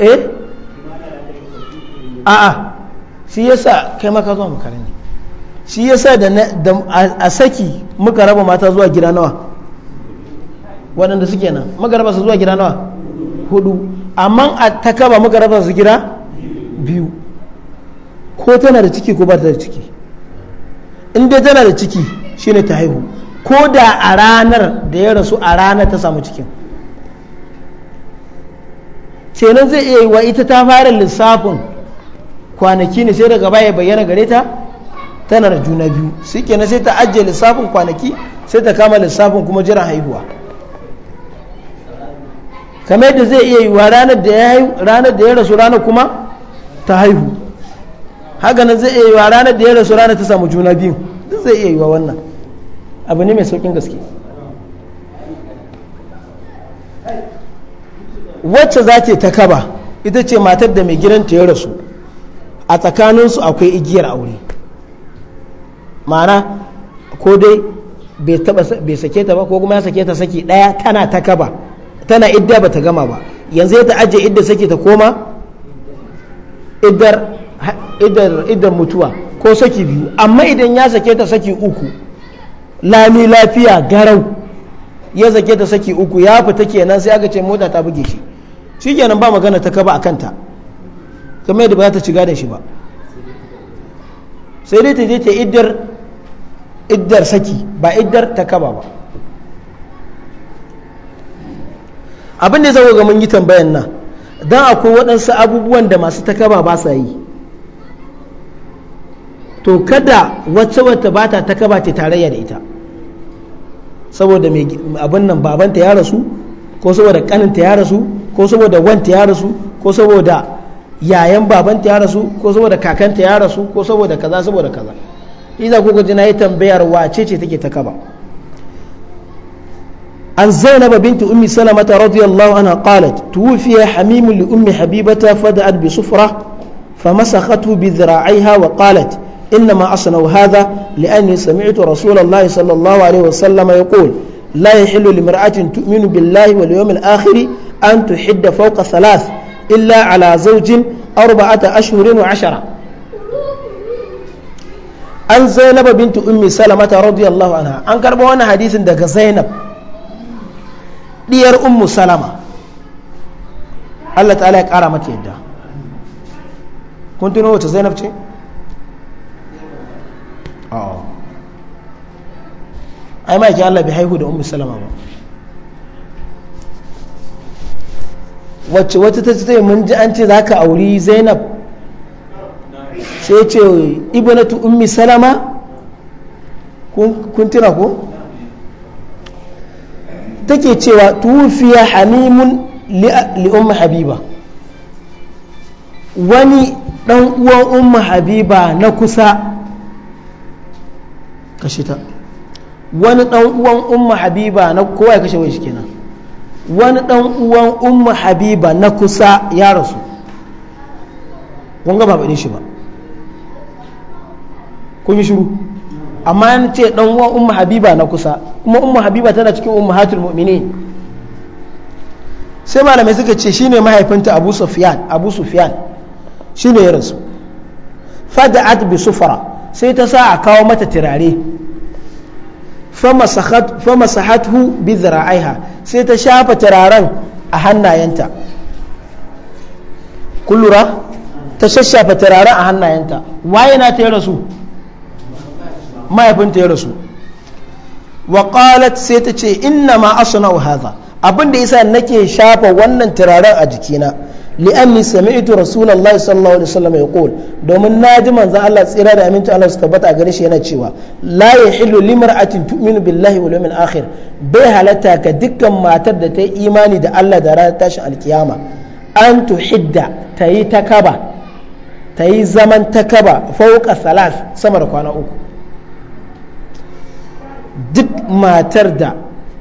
eh? a'a kai da a saki muka raba mata zuwa gida nawa waɗanda suke nan muka su zuwa gida nawa hudu amma a ta kaba muka raba su gida biyu ko tana da ciki ko ba ta da ciki in dai tana da ciki shine ta haihu ko da a ranar da ya rasu a ranar ta samu cikin kenan zai iya wa ita ta fara lissafin kwanaki ne sai daga baya bayyana gare ta tana da juna biyu su kenan sai ta ajiye lissafin kwanaki sai ta kama lissafin kuma jiran haihuwa kamar yadda zai iya yi wa ranar da ya rasu ranar kuma ta haihu haka nan zai iya yiwa ranar da ya rasu ranar ta samu juna biyu duk zai iya yiwa wannan abu ne mai saukin gaske wacce za ta ta kaba ita ce matar da mai gidanta ya rasu a tsakaninsu akwai igiyar aure ma'ana ko dai bai sake ta ba ko kuma ya sake ta saki ɗaya tana ta kaba tana idda ba ta gama ba yanzu ya ta ajiye idda sake ta koma idar. idan mutuwa ko saki biyu amma idan ya sake ta saki uku lami lafiya garau ya sake ta saki uku ya fita kenan sai aka ce mota ta buge shi shi kenan ba magana ta kaba a kanta kamar yadda ba za ta shiga da shi ba sai dai ta je ta idar saki ba idar ta kaba ba abin da zai ga mun yi tambayan nan don akwai waɗansu abubuwan da masu takaba ba sa yi to kada wata wata bata ta kaba ce tarayya da ita saboda abin nan babanta ya rasu ko saboda kaninta ya rasu ko saboda wanta ya rasu ko saboda yayan babanta ya rasu ko saboda kakanta ya rasu ko saboda kaza saboda kaza iza ko kuji tambayar wace ce take ta kaba an zainaba binti ummi salamata radiyallahu anha qalat tuwfiya hamimu li ummi habibata fada'at bi sufra famasakhatu bi dhira'iha wa qalat إنما أصنوا هذا لأني سمعت رسول الله صلى الله عليه وسلم يقول لا يحل لمرأة تؤمن بالله واليوم الآخر أن تحد فوق ثلاث إلا على زوج أربعة أشهر وعشرة an zainaba bintu ummi salamata radiyallahu anha an karba wani hadisin daga zainab diyar ummu salama Allah ta'ala ya kara mata yadda kun tuno zainab ce Oh. ai ma yake Allah bai haihu da ummu salama ba wacce wata ta ce mun ji an ce za ka auri zainab sai ce ibnatu ummi salama kun tira ko take cewa tufiya hamimun li umma habiba wani dan uwan umma habiba na kusa kashe ta wani dan uwan umma habiba na kowa ya kashe wai shi wani dan uwan umma habiba na kusa ya rasu kun ga ba shi ba kun yi shiru amma yana ce dan uwan umma habiba na kusa kuma umma habiba tana cikin ummahatul mu'minin sai malamai suka ce shine mahaifinta abu sufyan abu sufyan shine ya rasu fada'at bi sufara sai ta sa a kawo mata turare fama sahathu bi zira'aiha sai ta shafa turaren a hannayenta kullura ta shashafa turaren a hannayenta waye na ta yi rasu mahaifinta ya rasu wa sai ta ce inna ma asna'u hadha abin da yasa nake shafa wannan turaren a jikina li'anni sami'tu rasulullahi sallallahu alaihi wasallam yaqul domin naji manzo Allah tsira da aminci Allah su tabbata a gare shi yana cewa la yahillu limar tu'minu billahi wal yawmil akhir bai halatta ka dukkan matar da ta yi imani da Allah da ranar tashin an tuhidda ta yi takaba ta yi zaman takaba fauka salas sama da kwana uku duk matar da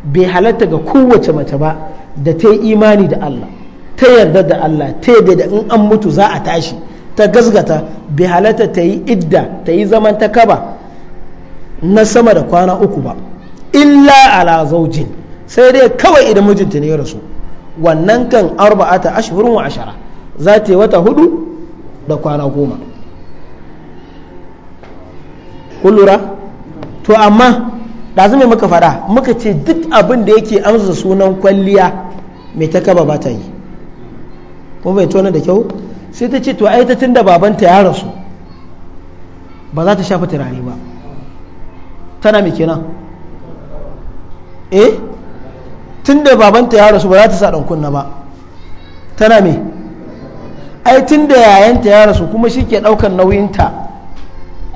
bai halatta ga kowace mace ba da ta yi imani da Allah ta yarda da Allah ta yarda da in an mutu za a tashi ta gasgata bi halatta ta yi idda ta yi zaman ta kaba na sama da kwana uku ba illa ala zaujin sai dai kawai idan mijinta ne ya rasu wannan kan arba'ata ashhurun wa ashara za ta yi wata hudu da kwana goma kun to amma da mai muka faɗa muka ce duk abin da yake amsa sunan kwalliya mai ta kaba ba ta yi ko bai tona da kyau sai ta ce to ai ta tunda babanta ya rasu ba za ta shafa turare ba tana mai kenan eh tunda babanta ya rasu ba za ta sa dan kunna ba tana mai ai tunda yayanta ya rasu kuma shi ke daukan nauyinta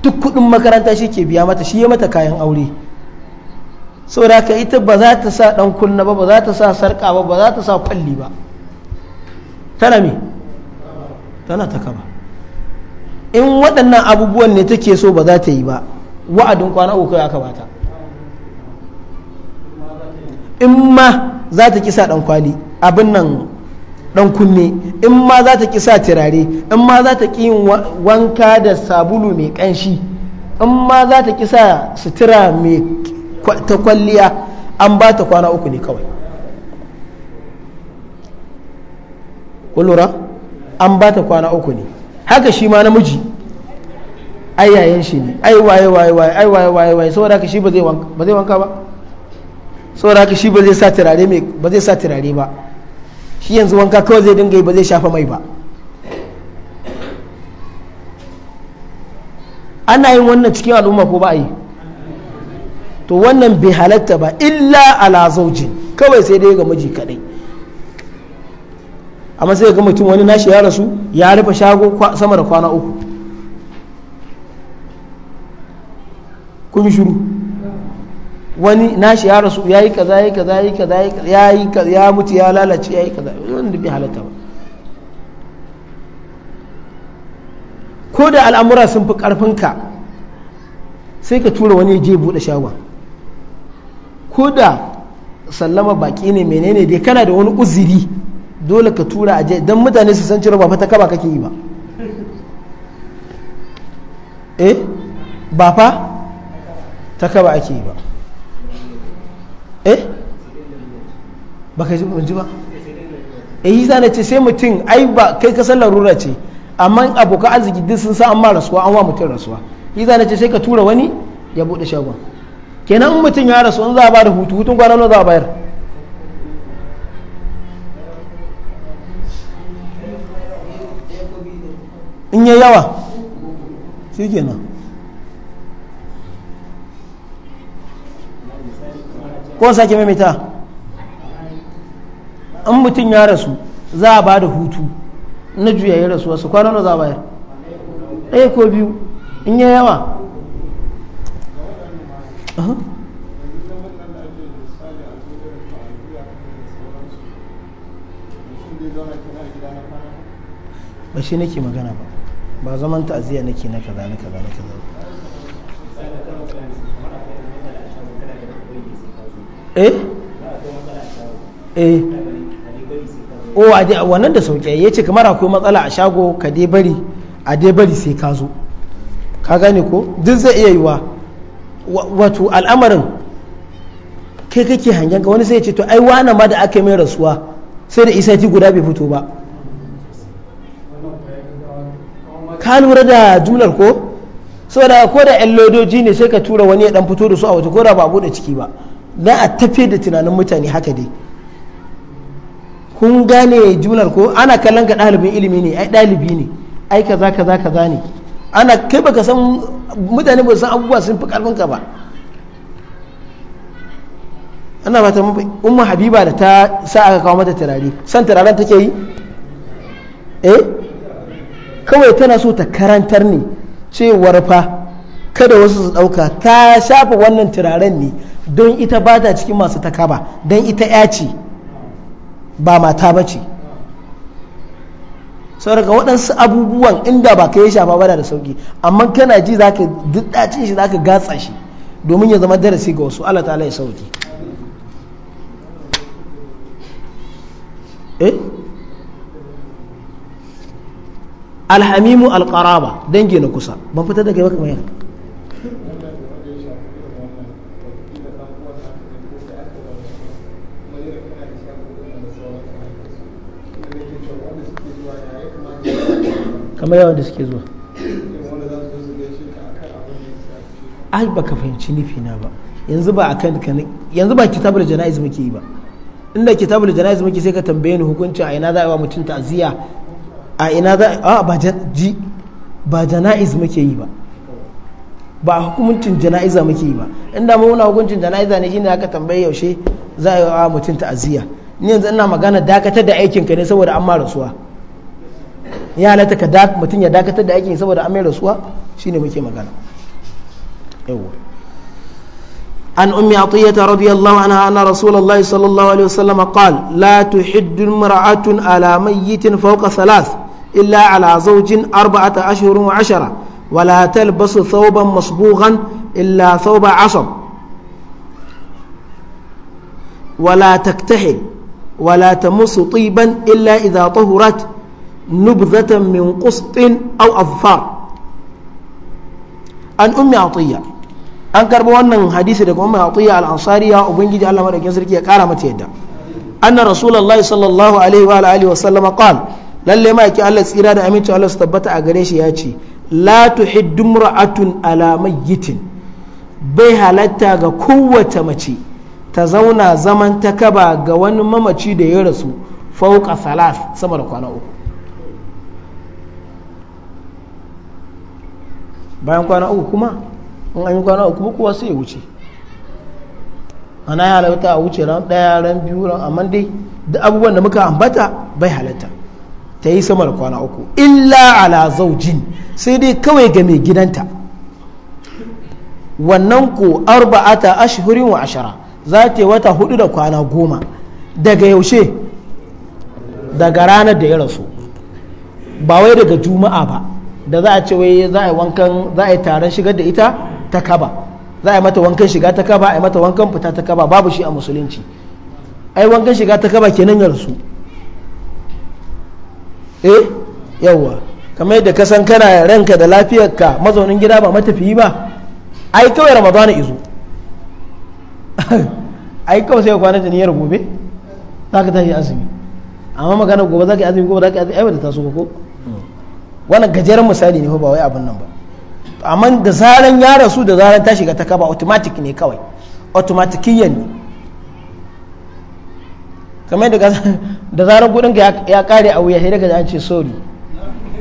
duk kudin makaranta shi ke biya mata shi ya mata kayan aure saboda ka ita ba za ta sa dan kunna ba ba za ta sa sarka ba ba za ta sa kwalli ba tana ta kaba in waɗannan abubuwan ne take so ba za ta yi ba wa'adin kwana uku ya bata in ma za ta kisa ɗan kwali abin nan ɗan kunne in ma za ta kisa turare in ma za ta yin wanka da sabulu mai ƙanshi in ma za ta kisa sutura mai ta kwalliya an ba ta kwana uku ne kawai kullura an ba ta kwana uku ne haka shi ma namiji ai yayan shi ne ai waye waye waye ai waye waye waye saboda haka shi ba zai wanka ba zai wanka ba saboda haka shi ba zai sa turare mai ba zai sa turare ba shi yanzu wanka kawai zai dinga yi ba zai shafa mai ba ana yin wannan cikin al'umma ko ba a yi to wannan bai halatta ba illa ala zaujin kawai sai dai ga miji kadai amma sai ga mutum wani nashi ya rasu ya rufe shago sama da kwana uku kun shiru wani nashi ya rasu ya yi kaza ya yi kaza ya yi kaza ya yi kaza ya mutu ya lalace ya yi kaza wanda bai halatta ba ko da al'amura sun fi karfinka sai ka tura wani je buɗe shagon ko da sallama baki ne menene dai kana da wani uziri dole ka tura a je don mutane su san cewa ba fa ta kaba kake yi ba eh ba fa ta kaba ake yi ba eh ba ka ji ji ba eh yi zane ce sai mutum ai ba kai ka san larura ce amma abokan arziki duk sun sa an ma rasuwa an wa mutum rasuwa yi zane ce sai ka tura wani ya bude shagon kenan mutum ya rasu in za a ba da hutu hutun kwana za a bayar in yi yawa shi ke nan ko sake mimita an mutum ya rasu za a ba da hutu na juya ya rasu wasu kwanan za a bayar ɗaya ko biyu in yi yawa ba shi nake magana ba ba zaman ta'aziyya nake na kaza na kaza na kaza eh eh o a wannan da sauke ya ce kamar akwai matsala a shago ka dai bari a dai bari sai ka zo ka gane ko duk zai iya yiwa wato al'amarin kai kake hangen ka wani sai ya ce to ai wani ma da aka yi mai rasuwa sai da isa isati guda bai fito ba ka lura da jumlar ko saboda ko da yan lodoji ne sai ka tura wani ya dan fito da su a wata ko da ba a bude ciki ba za a tafi da tunanin mutane haka dai kun gane jumlar ko ana kallon ka ɗalibin ilimi ne ai ɗalibi ne ai kaza kaza kaza ne ana kai baka san mutane ba san abubuwa sun fi karfin ka ba ana fata umma habiba da ta sa aka kawo mata turare san turaren take yi eh kawai tana so ta karantar ne cewar fa kada wasu su ɗauka ta shafa wannan turaren ne don ita ba ta cikin masu takaba don ita ya ce ba mata ba ce sauraka waɗansu abubuwan inda ba ka yi shafa ba da sauki amma kana ji za ka daɗacin shi za ka gatsa shi domin ya zama darasi ga wasu Allah ya sauki eh alhamimu alqaraba dangi na kusa ban fita daga baka bayan kamar yawan da suke zuwa ai baka fahimci nufi na ba yanzu ba akan kan yanzu ba kitabul jana'iz muke yi ba inda kitabul jana'iz muke sai ka tambaye ni hukuncin a ina za a yi wa mutum ta'aziyya a ina za a ba jana'iz muke yi ba ba hukumuncin jana'iza muke yi ba inda ma muna hukuncin jana'iza ne shine aka tambaye yaushe za a yi wa mutum ta'aziyya ni yanzu ina magana dakatar da aikin ka ne saboda an ma rasuwa ya halatta ka mutum ya dakatar da aikin saboda an mai rasuwa shine muke magana yawa an ummi atiyata radiyallahu anha anna rasulullahi sallallahu alaihi wasallam qala la tuhiddu قال ala mayyitin fawqa thalath إلا على زوج أربعة أشهر وعشرة ولا تلبس ثوبا مصبوغا إلا ثوب عصب ولا تكتحل ولا تمس طيبا إلا إذا طهرت نبذة من قسط أو أظفار an ummi atiya an karbi wannan hadisi daga ummi atiya al-ansariya ubangiji Allah madaukakin sarki ya kara mata yadda anna rasulullahi sallallahu alaihi wa alihi wa lalle ma ki Allah tsira da aminci Allah su tabbata a gare shi ya ce la tuhiddu ra'atun ala mayyitin bai halatta ga kowace mace ta zauna zaman ta kaba ga wani mamaci da ya rasu fauka salas sama da kwana uku bayan kwana uku kuma in an yi kwana uku kowa sai ya wuce ana ya halatta a wuce ran ɗaya ran biyu ran amma dai duk abubuwan da muka ambata bai halatta ta yi sama da kwana uku illa ala zaujin sai dai kawai ga mai gidanta wannan ku arba'ata ashhurin wa ashara za ta yi wata hudu da kwana goma daga yaushe daga ranar da ya rasu ba wai daga juma'a ba da za a ce wai za a yi wankan za a yi taron shigar da ita ta kaba za a yi mata wankan shiga ta kaba a yi mata wankan fita ta kaba babu shi a musulunci ai wankan shiga ta kaba kenan ya rasu eh yawwa kamar yadda ka san kana ranka da lafiyarka mazaunin gida ba matafiyi ba ai kawai ramadana izo (laughs) ai kawai sai kwana da niyyar gobe za ka tashi azumi amma magana gobe za ka azumi gobe za ka azumi ai taso ko wannan gajeren misali ne ba wai abin nan ba amma da zaran ya rasu da zaran ta shiga ta kaba automatic ne kawai automaticiyyan ne kamar da zarar kudin ka ya kare a wuya sai daga an ce sorry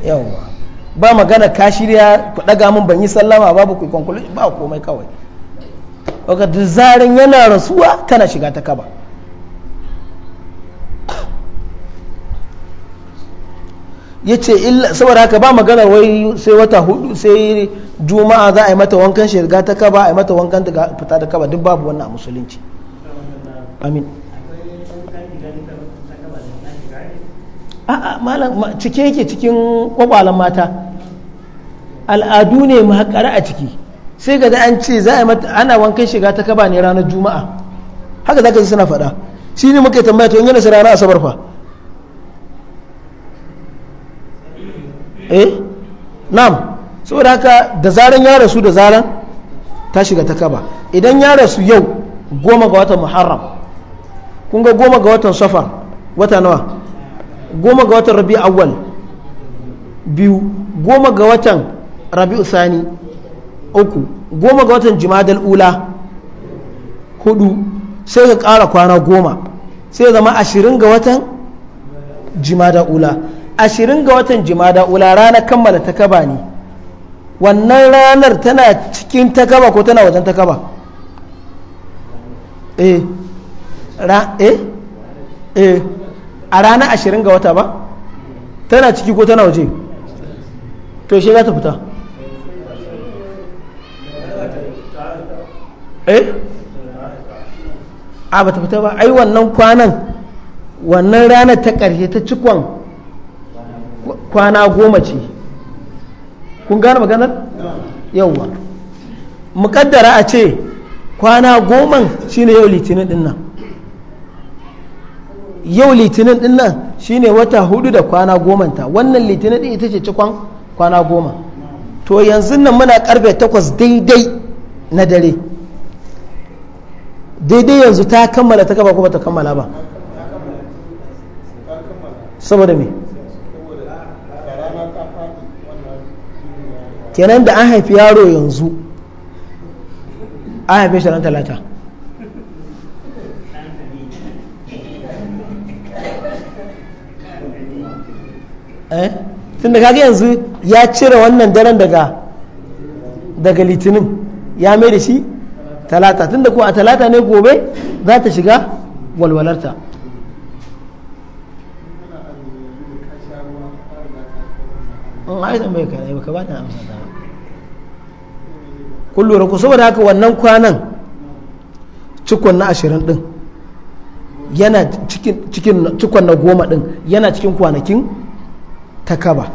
yawa ba magana ka shirya ku daga min ban yi sallama babu ku kwankwalo ba komai kawai kaga da zarar yana rasuwa tana shiga ta kaba yace illa saboda haka ba magana wai sai wata hudu sai juma'a za a yi mata wankan shirga ta kaba a yi mata wankan fita ta kaba duk babu wannan a musulunci amin a'a cike yake cikin kwakwalan mata al'adu ne mahakkara a ciki sai ga an ce za a mata ana wankan shiga ta kaba ne ranar juma'a haka za ka ji suna faɗa shi ne muka tambaya to in yana ranar asabar fa eh Nam, saboda haka da zaran ya rasu da zaran ta shiga ta kaba idan ya rasu yau goma ga watan muharram kun ga goma ga watan safar wata nawa goma ga watan rabi awwal biyu goma ga watan rabi Usani uku goma ga watan jumadal ula hudu sai ka kara kwana goma sai zama ashirin ga watan jimada ula ashirin ga watan jimada ula rana kammala takaba ne wannan ranar tana cikin takaba ko tana wajen takaba eh ra eh eh a ranar ashirin ga wata ba tana ciki ko tana waje to shi za ta fita eh a ba ta fita ba ai wannan kwanan wannan ranar ta ƙarshe ta cikon kwana goma ce kun gane maganar yauwa mukaddara a ce kwana goma shine yau litinin dinnan yau litinin din nan shine wata hudu da kwana goma ta wannan litinin din ita ce cikon kwana goma to yanzu nan muna karfe takwas daidai na dare daidai yanzu ta kammala ta kafa ko ta kammala ba saboda me kenan da an haifi yaro yanzu an haife shi ran talata Eh? tun da kaga yanzu ya cire wannan daren daga daga litinin ya mai da shi talata tun da kuwa a talata ne gobe za ta shiga walwalarta kun lura ku saboda haka wannan kwanan cikon na ashirin din yana cikin cikon na goma din yana cikin kwanakin ta kaba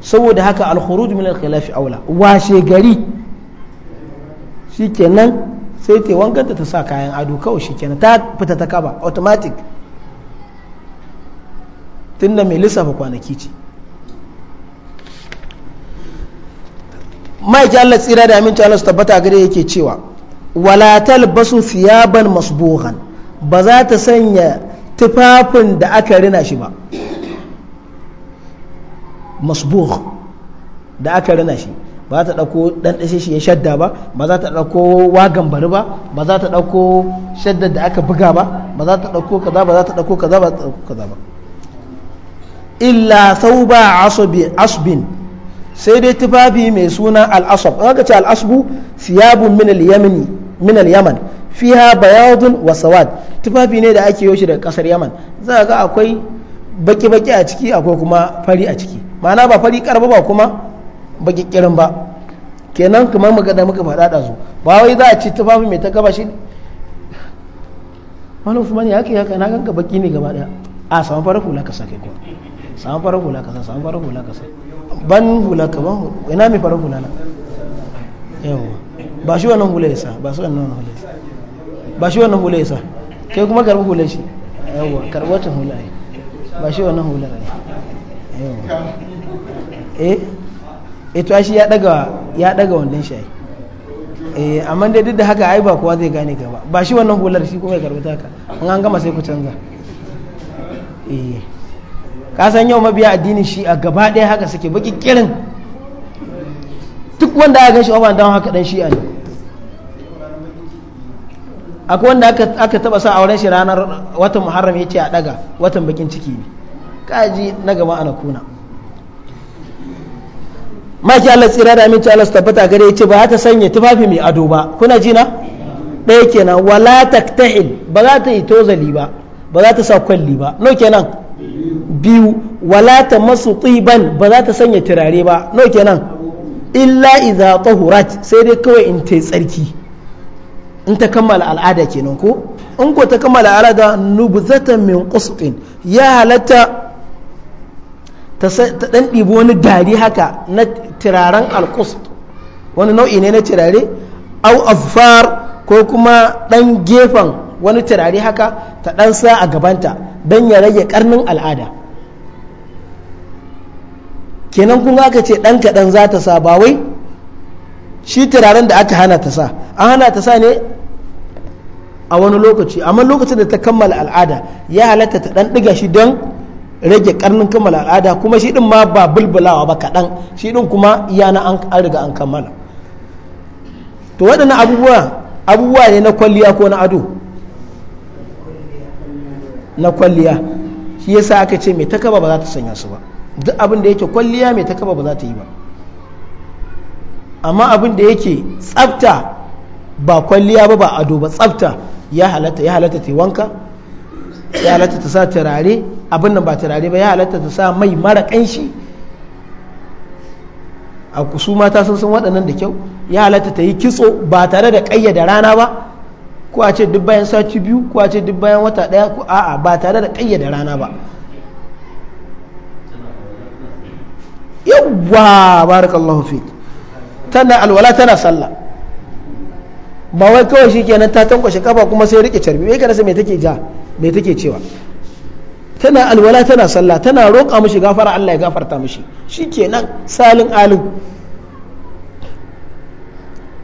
saboda haka alkhuruj min al aula washe gari shikenan sai ta wanganta ta sa kayan ado kawai shikenan ta fita ta kaba automatic tunda mai lissafa kwanaki ce mai Allah tsira da aminci Allah su tabbata gare yake cewa wala talbasu thiyaban masbughan ba za ta sanya tufafin da aka rina shi ba masbugh da aka rana shi ba za ta ɗauko ɗan ɗashe shi ya shadda ba ba za ta ɗauko wagan bari ba ba za ta ɗauko shaddar da aka buga ba ba za ta ɗauko kaza ba za ta ɗauko kaza ba za ta ɗauko kaza ba illa thauba asabi asbin sai dai tufafi mai suna al-asab in aka ce al-asbu siyabun min al-yamani min yaman fiha bayadun wa sawad tufafi ne da ake yo shi daga kasar yaman za ga akwai baki-baki a ciki akwai kuma fari a ciki ma'ana ba fari karba ba kuma ba kikirin ba kenan kamar magana muka faɗa da su ba wai za a ci tufafi mai ta gaba shi wani usman ya ke haka na ganka baki ne gaba daya a samu farar hula ka sake kuma samu farar hula ka samu farar hula ka ban hula ka ban ina mai fara hula na yawa ba shi wannan hula ya sa ba shi wannan hula ya sa ba shi wannan hula ya sa kai kuma karbi hula shi yawa karbi wata hula ne ba shi wannan hula ne eh ito eh, shi ya daga ya wandon shi eh amma dai duk da haka ai ba kowa zai gane ka ba ba shi wannan hular shi kuma ya karbi taka an an gama sai ku canza eh ka san yau mabiya addinin shi a gaba ɗaya haka suke baki kirin duk wanda aka ganshi oban dan haka dan shi ne akwai wanda aka taba sa auren shi ranar watan muharram ya ce a daga watan bakin ciki ne kaji na gaba ana kuna maki Allah tsira da aminci Allah tabbata gare yace ba ta sanya tufafi mai ado ba kuna jina ɗaya kenan wala taktahil ba za ta yi tozali ba ba za ta sa kwalli ba no kenan biyu wala ta masu tsiban ba za ta sanya turare ba no kenan illa idza tahurat sai dai kawai in ta tsarki in ta kammala al'ada kenan ko in ko ta kammala al'ada nubzatan min qusqin ya halatta ta ɗan ɗibi wani dari haka na turaren alkus wani nau'i ne na turare au afar ko kuma ɗan gefen wani turare haka ta ɗan sa a gabanta don ya rage karnin al'ada kenan kuma aka ce ɗan kaɗan za ta sa ba wai shi turaren da aka hana ta sa an hana ta sa ne a wani lokaci amma lokacin da ta kammala al'ada ya halatta ta ɗan ɗiga shi don rage karnin kammala al'ada kuma shi din ma ba bulbulawa ba kaɗan shi din kuma yana an riga an kammala to waɗannan abubuwa abubuwa ne na kwalliya ko na ado na kwalliya shi yasa aka ce mai takaba ba za ta sanya su ba duk abin da yake kwalliya mai takaba ba za ta yi ba amma abin da yake tsafta ba kwalliya ba ba ado ba tsafta ya halatta ya halatta ta wanka ya halatta ta sa turare abin nan ba turare ba ya halatta ta sa mai mara kanshi a kusu mata sun san waɗannan da kyau ya halatta ta yi kitso ba tare da ƙayyada rana ba ko a ce duk bayan sati biyu ko a ce duk bayan wata ɗaya ko a'a ba tare da ƙayyada rana ba yawwa barakallahu fi tana alwala tana sallah ba wai kawai kenan ta tankwashe kafa kuma sai rike carbi wai kana sai me take ja me take cewa tana alwala tana sallah tana roƙa mishi gafara Allah ya gafarta mishi shikenan salin alin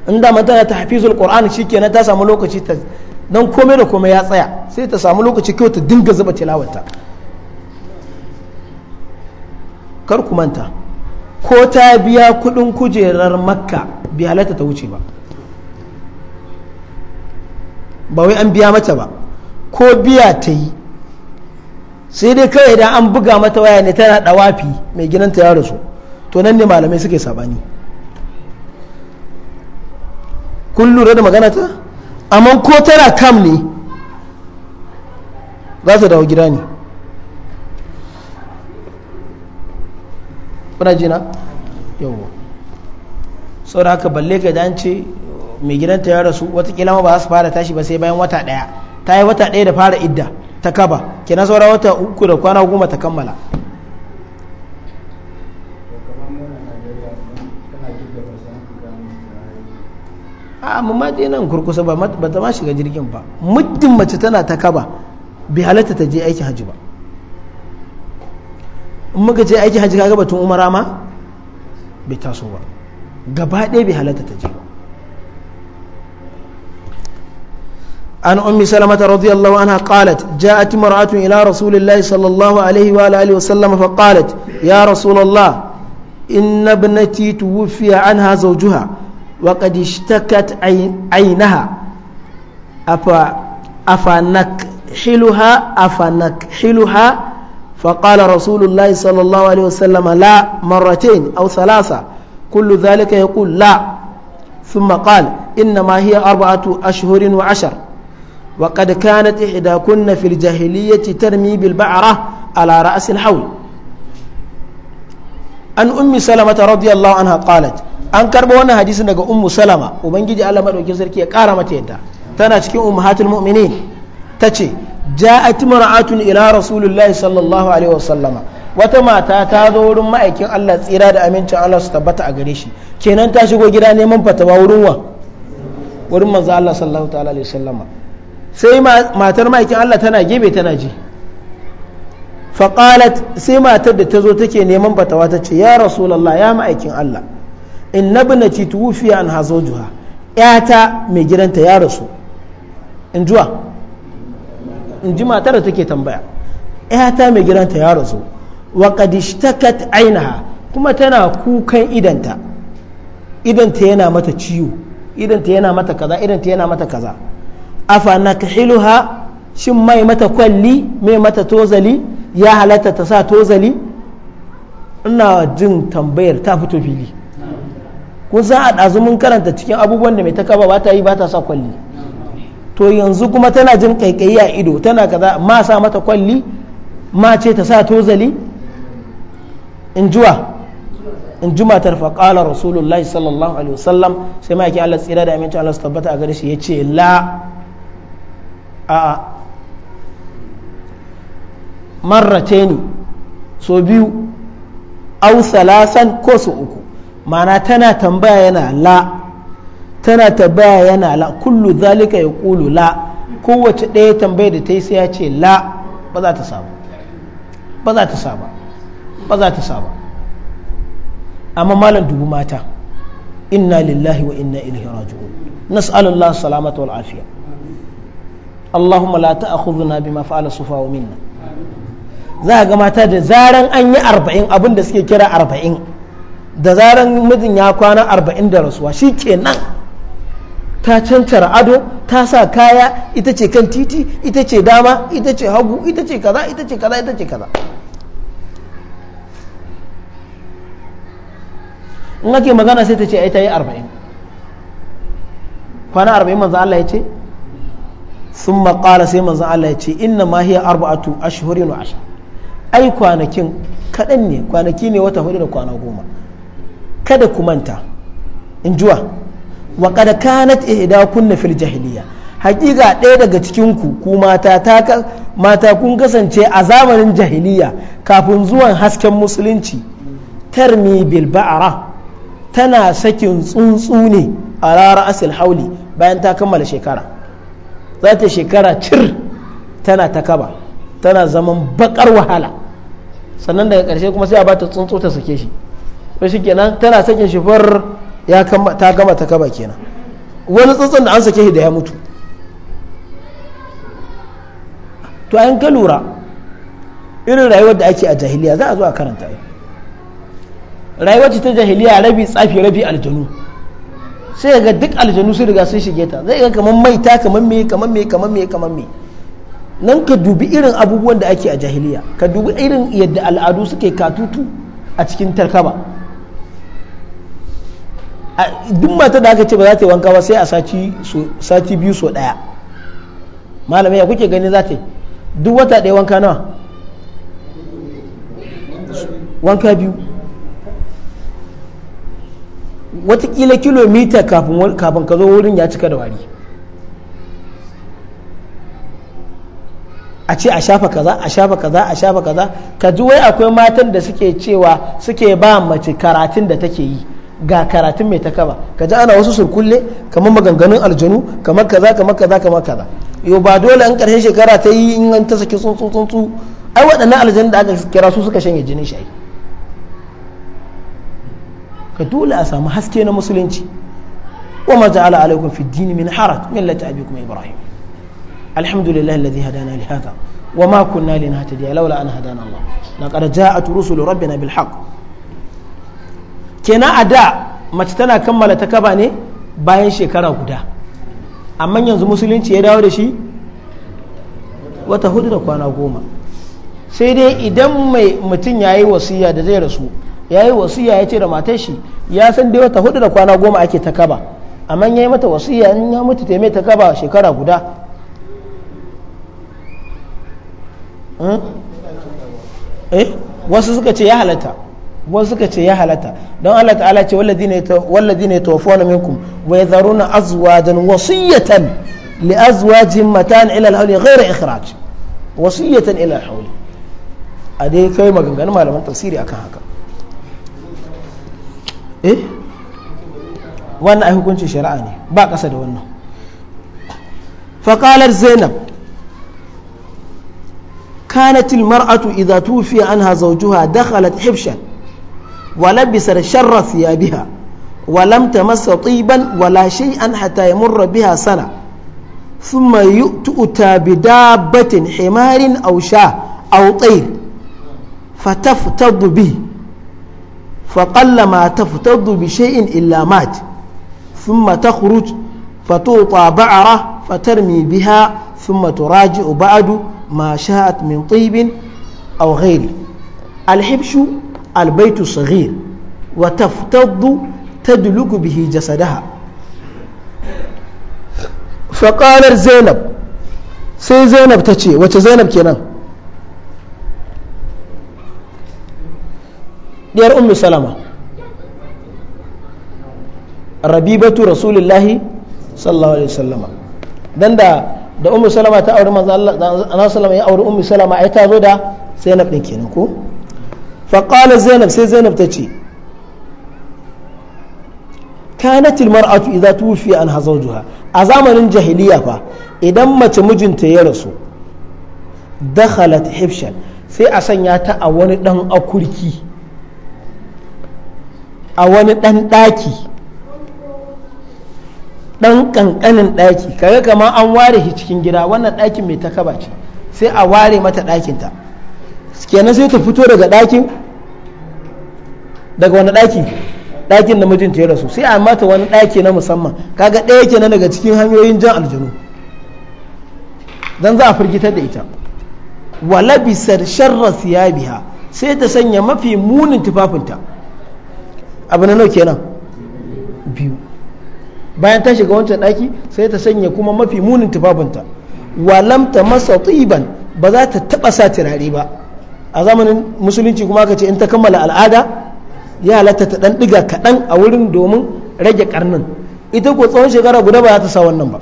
in da ta hafizul qur'an shikenan ta samu lokaci ta dan komai da komai ya tsaya sai ta samu lokaci kyau ta dinga zuba tilawata kar ku manta ko ta biya kudin kujerar makka bi halatta ta wuce ba ba wai an biya mata ba ko biya ta yi sai dai kawai idan an buga mata waya ne tana dawafi mai gidanta ya rasu to nan ne malamai suke sabani kun lura da magana ta amma ko tana kam ne za su dawo gida ne kuna jina yawo da haka balle ka da an ce mai gidanta ya rasu watakila ma ba za su fara tashi ba sai bayan wata daya ta yi wata daya da fara idda ta kaba kenan saura wata uku da kwana goma ta kammala a amma dai nan kurkusa ba ba ta ma shiga jirgin ba muddin mace tana ta kaba bi halatta ta je aiki haji ba in muka je aiki haji kaga batun umara ma bai taso ba gaba ɗaya bi halatta ta je ba عن أم سلمة رضي الله عنها قالت جاءت امرأة إلى رسول الله صلى الله عليه وآله وسلم فقالت يا رسول الله إن ابنتي توفي عنها زوجها وقد اشتكت عينها أفا أفنكحلها أفنكحلها فقال رسول الله صلى الله عليه وسلم لا مرتين أو ثلاثة كل ذلك يقول لا ثم قال إنما هي أربعة أشهر وعشر وقد كانت إحداكن في الجاهلية ترمي بالبعرة على رأس الحول an ummi salama ta radiyallahu anha qalat an karba wannan hadisin daga ummu salama ubangiji Allah madaukakin sarki ya kara mata yadda tana cikin ummahatul mu'minin tace ja'at mar'atun ila rasulillahi sallallahu alaihi wasallama wata mata ta zo wurin ma'aikin Allah tsira da amincin Allah su tabbata a gare shi kenan ta shigo gida neman fatawa wurin wa wurin Allah sallallahu sai matar ma'aikin Allah tana gebe tana ji faƙalat sai matar da ta zo take neman batawa ta ce ya rasulallah ya ma'aikin Allah in na na ci tuwufiya an hazo juha ‘yata mai gidanta ya rasu in juwa in ji matar da take tambaya ‘yata mai gidanta ya rasu wa kadishtakat ainiha kuma tana kukan idanta idanta yana mata ciwo idanta yana mata kaza idanta yana mata kaza afa ha shin mai mata kwalli mai mata tozali ya halatta ta sa tozali ina jin tambayar ta fito fili kun san a ɗazu mun karanta cikin abubuwan da mai ta kaba ba ta yi ba ta sa kwalli to yanzu kuma tana jin kaikayi a ido tana kaza ma sa mata kwalli ma ce ta sa tozali in juwa in ji matar faƙala rasulullahi sallallahu alaihi wasallam sai ma yake allah tsira da aminci allah su tabbata a gare shi ya ce la a ne so biyu au salasan ko su uku mana tana tambaya yana la tana tambaya yana la kullu zalika ya kulu la kowace ɗaya tambaya da ta yi sai ya ce la ba za ta saba ba za ta saba ba za ta saba amma malam dubu mata inna lillahi wa inna ilaihi raji'un nas'alullah salamata wal afiya Allahumma la ta'khudhna bima fa'ala sufaha'u minna za ga mata da zaran an yi arba'in abin da suke kira arba'in da zaran mijin ya kwana arba'in da rasuwa shi ke nan ta cancara ado ta sa kaya ita ce kan titi ita ce dama ita ce hagu ita ce kaza ita ce kaza ita ce kaza in ake magana sai ta ce ai ta yi arba'in kwana arba'in manzo Allah ya ce sun maƙala sai manzan Allah ya ce inna ma hiya arba'atu ashhurin wa ashar ai kwanakin kaɗan ne kwanaki ne wata hudu da kwana goma kada ku manta in juwa wa kad kanat ihda kunna fil jahiliya hakika ɗaya daga cikin ku ku mata ta kun kasance a zamanin jahiliya kafin zuwan hasken musulunci tarmi bil tana sakin tsuntsu ne a rara asil hauli bayan ta kammala shekara za ta shekara cir tana ta kaba tana zaman bakar wahala sannan daga karshe kuma sai a ta tsuntsu ta sake shi to shi kenan tana sakin shi far ya ta gama ta kaba kenan wani tsuntsun da an sake shi da ya mutu to an ka lura irin rayuwar da ake a jahiliya za a zo a karanta rayuwar ta jahiliya rabi tsafi rabi aljanu sai ga duk aljanu sun riga sun shige ta zai ga kamar maita kamar me kamar me kamar me kamar me nan ka dubi irin abubuwan da ake a jahiliya ka dubi irin yadda al'adu suke katutu a cikin tarkaba duk mata da aka ce ba za ta yi wanka ba sai a sati biyu so daya malamai ya kuke gani za ta yi duk wata daya wanka nawa wanka biyu watakila kilomita kafin ka zo wurin ya cika da wari a ce a shafa kaza a shafa kaza a shafa kaza ka ji wai akwai matan da suke cewa suke ba mace karatun da take yi ga karatun mai ta kaba ka ji ana wasu surkulle kamar maganganun aljanu kamar kaza kamar kaza kamar kaza yau ba dole an karshen shekara ta yi in an ta saki tsuntsu ai waɗannan aljanu da aka kira su suka shanye jinin shayi da dole a samu haske na musulunci wa ma ja'ala alaikum fi dini min haraj millati abikum ibrahim alhamdulillah alladhi hadana li hadha wa ma kunna linahtadiya laula an hadana Allah laqad ja'at rusulu rabbina bil haqq kenan a da mace tana kammala ta kaba ne bayan shekara guda amma yanzu musulunci ya dawo da shi wata hudu da kwana goma sai dai idan mai mutum ya yi wasiya da zai rasu ya yi wasiya ya ce da matar shi ya san dai wata hudu da kwana goma ake ta kaba amma ya yi mata wasiya in ya mutu ta mai ta kaba shekara guda hmm? eh? wasu suka ce ya halatta wasu suka ce ya halatta don Allah ta'ala ce walladina yatawaffawna minkum wa yadharuna azwajan wasiyatan li azwajin matan ila al-hawli ghayra ikhraj wasiyatan ila al-hawli a dai kai maganganun malaman tafsiri akan haka eh wannan ai hukuncin shari'a ne ba ƙasa da wannan faƙalar zainab كانت المرأة إذا توفي عنها زوجها دخلت حبشا ولبست شر ثيابها ولم تمس طيبا ولا شيئا حتى يمر بها سنة ثم يؤتى بدابة حمار أو شاة أو طير فتفتض به فقل ما تفتض بشيء إلا مات ثم تخرج فتوطى بعرة فترمي بها ثم تراجع بعد ما شاءت من طيب أو غيره الحبش البيت الصغير وتفتض تدلك به جسدها فقال زينب سي زينب تشي وتزينب كنا diyar ummu salama rabibatu rasulullahi sallallahu alaihi wasallama dan da da ummu salama ta auri manzo Allah annabi salama ya auri ummu salama ai ta zo da Zainab din kenan ko fa qala Zainab sai Zainab ta ce kanat almar'atu idza tuwfi an hazawjuha a zamanin jahiliya fa idan mace mijinta ya rasu dakhalat hifshan sai a sanya ta a wani dan akurki a wani ɗan ɗaki ɗan ƙanƙanin ɗaki kaga kama an ware shi cikin gida wannan ɗakin mai takaba ce sai a ware mata ɗakinta kenan sai ta fito daga ɗakin daga wani ɗaki ɗakin da mijinta ya rasu sai a mata wani ɗaki na musamman kaga ɗaya kenan daga cikin hanyoyin jan aljanu dan za a firgitar da ita wala bisar sharra siyabiha sai ta sanya mafi munin tufafinta abu na nauke nan biyu bayan ta shiga wancan daki sai ta sanya kuma mafi munin tufafinta walamta lamta masa tsiban ba za ta taɓa sa turare ba a zamanin musulunci kuma aka ce in ta kammala al'ada ya halatta ta ɗan ɗiga kaɗan a wurin domin rage karnin ita ko tsawon shekara guda ba za ta sa wannan ba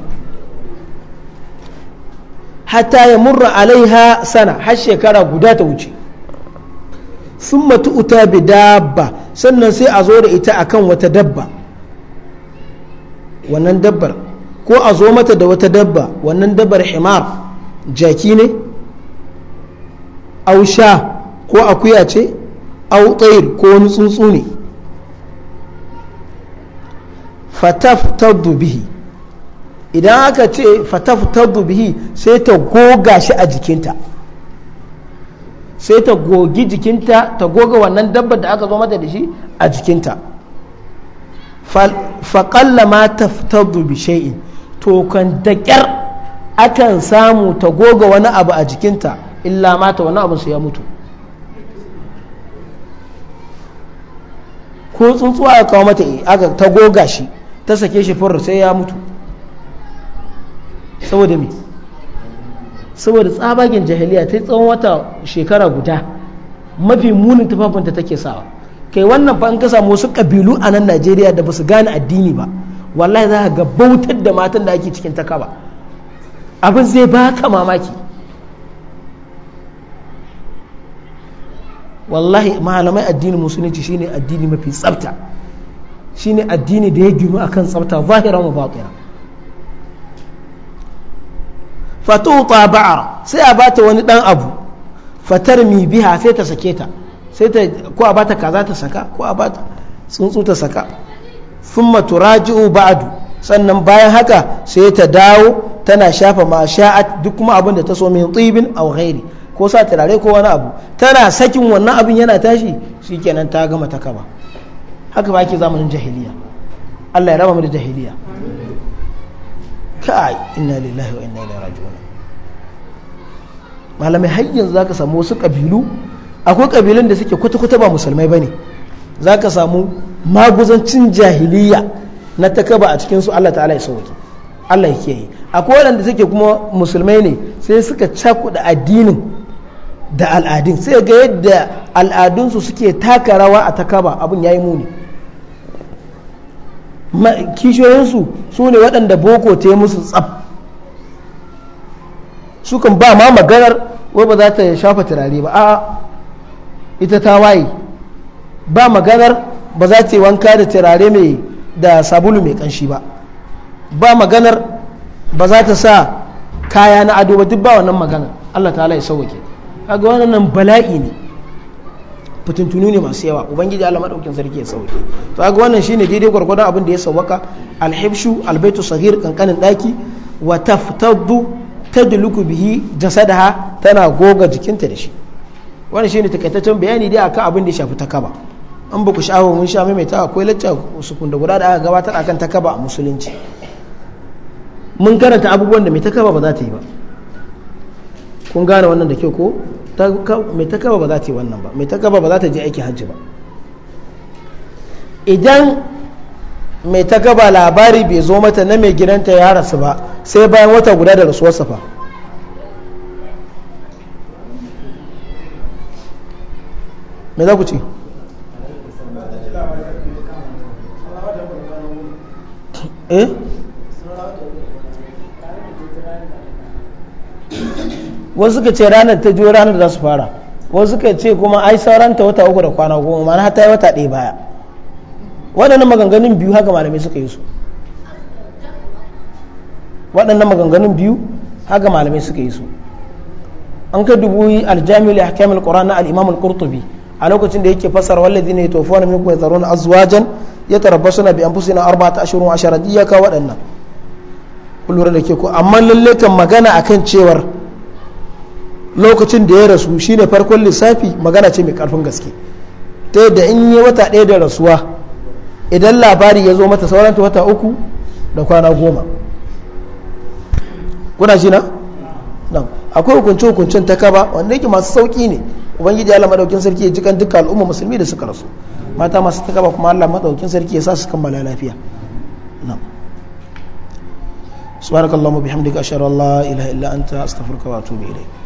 hatta ya murra alaiha sana har shekara guda ta wuce sun matu uta bi dabba sannan sai a zo da ita a kan wata dabba wannan dabbar ko a zo mata da wata dabba wannan dabbar himar jaki ne Au sha ko akuya ce au tsayir ko wani tsuntsu ne fataftadu bihi idan aka ce fataftadu bihi sai ta goga shi a jikinta sai ta gogi jikinta ta goga wannan dabbar da aka zo mata da shi a jikinta faƙalla ma ta bi shay'in to kan da ƙyar akan samu ta goga wani abu a jikinta illa mata wani abin su ya mutu ko tsuntsuwa ya kawo mata eh, aka ta goga shi ta sake shi furu sai ya mutu saboda me saboda tsabagen jahiliya ta tsawon wata shekara guda mafi munin tufafinta take sawa kai wannan fa an ka samu wasu kabilu a nan Najeriya da ba su gane addini ba wallahi za ka ga bautar da matan da ake cikin ta kaba abin zai baka mamaki wallahi malamai addinin musulunci shine addini mafi tsafta shine addini da ya gino akan tsafta zahira wa batina fatuta ba'ara sai a bata wani dan abu fatarmi biha sai ta sake ta sai ta ko a bata kaza ta saka ko a bata tsuntsu ta saka thumma turaji'u ba'du sannan bayan haka sai ta dawo tana shafa ma sha'at duk kuma abin da ta so min tibin aw ghairi ko sa turare ko wani abu tana sakin wannan abin yana tashi shikenan ta gama ta kaba haka ba ake zamanin jahiliya Allah ya raba mu da jahiliya kai inna lillahi wa inna ilaihi raji'un malamai har yanzu zaka samu wasu kabilu akwai kabilun da suke kwata-kwata ba musulmai bane zaka samu maguzancin jahiliya na takaba a cikin su Allah ta'ala ya sauke Allah ya yi akwai waɗanda suke kuma musulmai ne sai suka cakuɗa addinin da al'adun sai ga yadda al'adunsu suke taka rawa a takaba abin yayi muni kishiyoyinsu su ne waɗanda boko ta yi musu tsaf kan ba ma maganar wai ba za ta shafa turare ba a ita ta waye ba maganar ba za ta yi wanka da turare mai da sabulu mai ƙanshi ba ba maganar ba za ta sa kaya na ado ba duk ba wannan maganar allah ta ya sauwake kaga wannan bala'i ne fitintunu ne masu yawa ubangiji Allah madaukin sarki ya sauke to ga wannan shine daidai gwargwadon abin da ya sauwaka alhibshu albaitu sahir kankanin ɗaki, wa taftadu tadluku bihi jasadaha tana goga jikinta da shi wannan shine takaitaccen bayani dai akan abin da ya shafi takaba an ba ku sha'awa mun sha maimaita akwai lacca su guda da aka gabatar akan takaba a musulunci mun karanta abubuwan da mai takaba ba za ta yi ba kun gane wannan da kyau ko mai ta kaba ba za ta yi wannan ba mai ta kaba ba za ta je aiki hajji ba idan mai ta kaba labari bai zo mata na mai gidanta ya rasu ba sai bayan wata guda da rasuwarsa fa mai za ku ce eh wasu suka ce ranar ta jiyo ranar za su fara wasu suka ce kuma ai sauran ta wata uku da kwana goma ma'ana har ta yi wata ɗaya baya waɗannan maganganun biyu haka malamai suka yi su waɗannan maganganun biyu haka malamai suka yi su an ka dubu aljami'ul ahkam alquran na al-imam al-qurtubi a lokacin da yake na walladhina yatawaffawna minkum yadharuna azwajan yatarabbasuna bi anfusina arba'ata ashhurun wa ashara iyaka waɗannan kullura da ke ko amma lalle kan magana akan cewar lokacin da ya rasu shine farkon lissafi magana ce mai karfin gaske ta yadda in yi wata ɗaya da rasuwa idan labari ya zo mata sauran ta wata uku da kwana goma kuna na nan akwai hukunce hukuncin ta kaba wanda yake masu sauki ne ubangiji Allah madaukin sarki ya jikan duka al'umma musulmi da suka rasu mata masu ta kaba kuma Allah maɗaukin sarki ya sa su kammala lafiya nan subhanakallahumma bihamdika ashhadu an la ilaha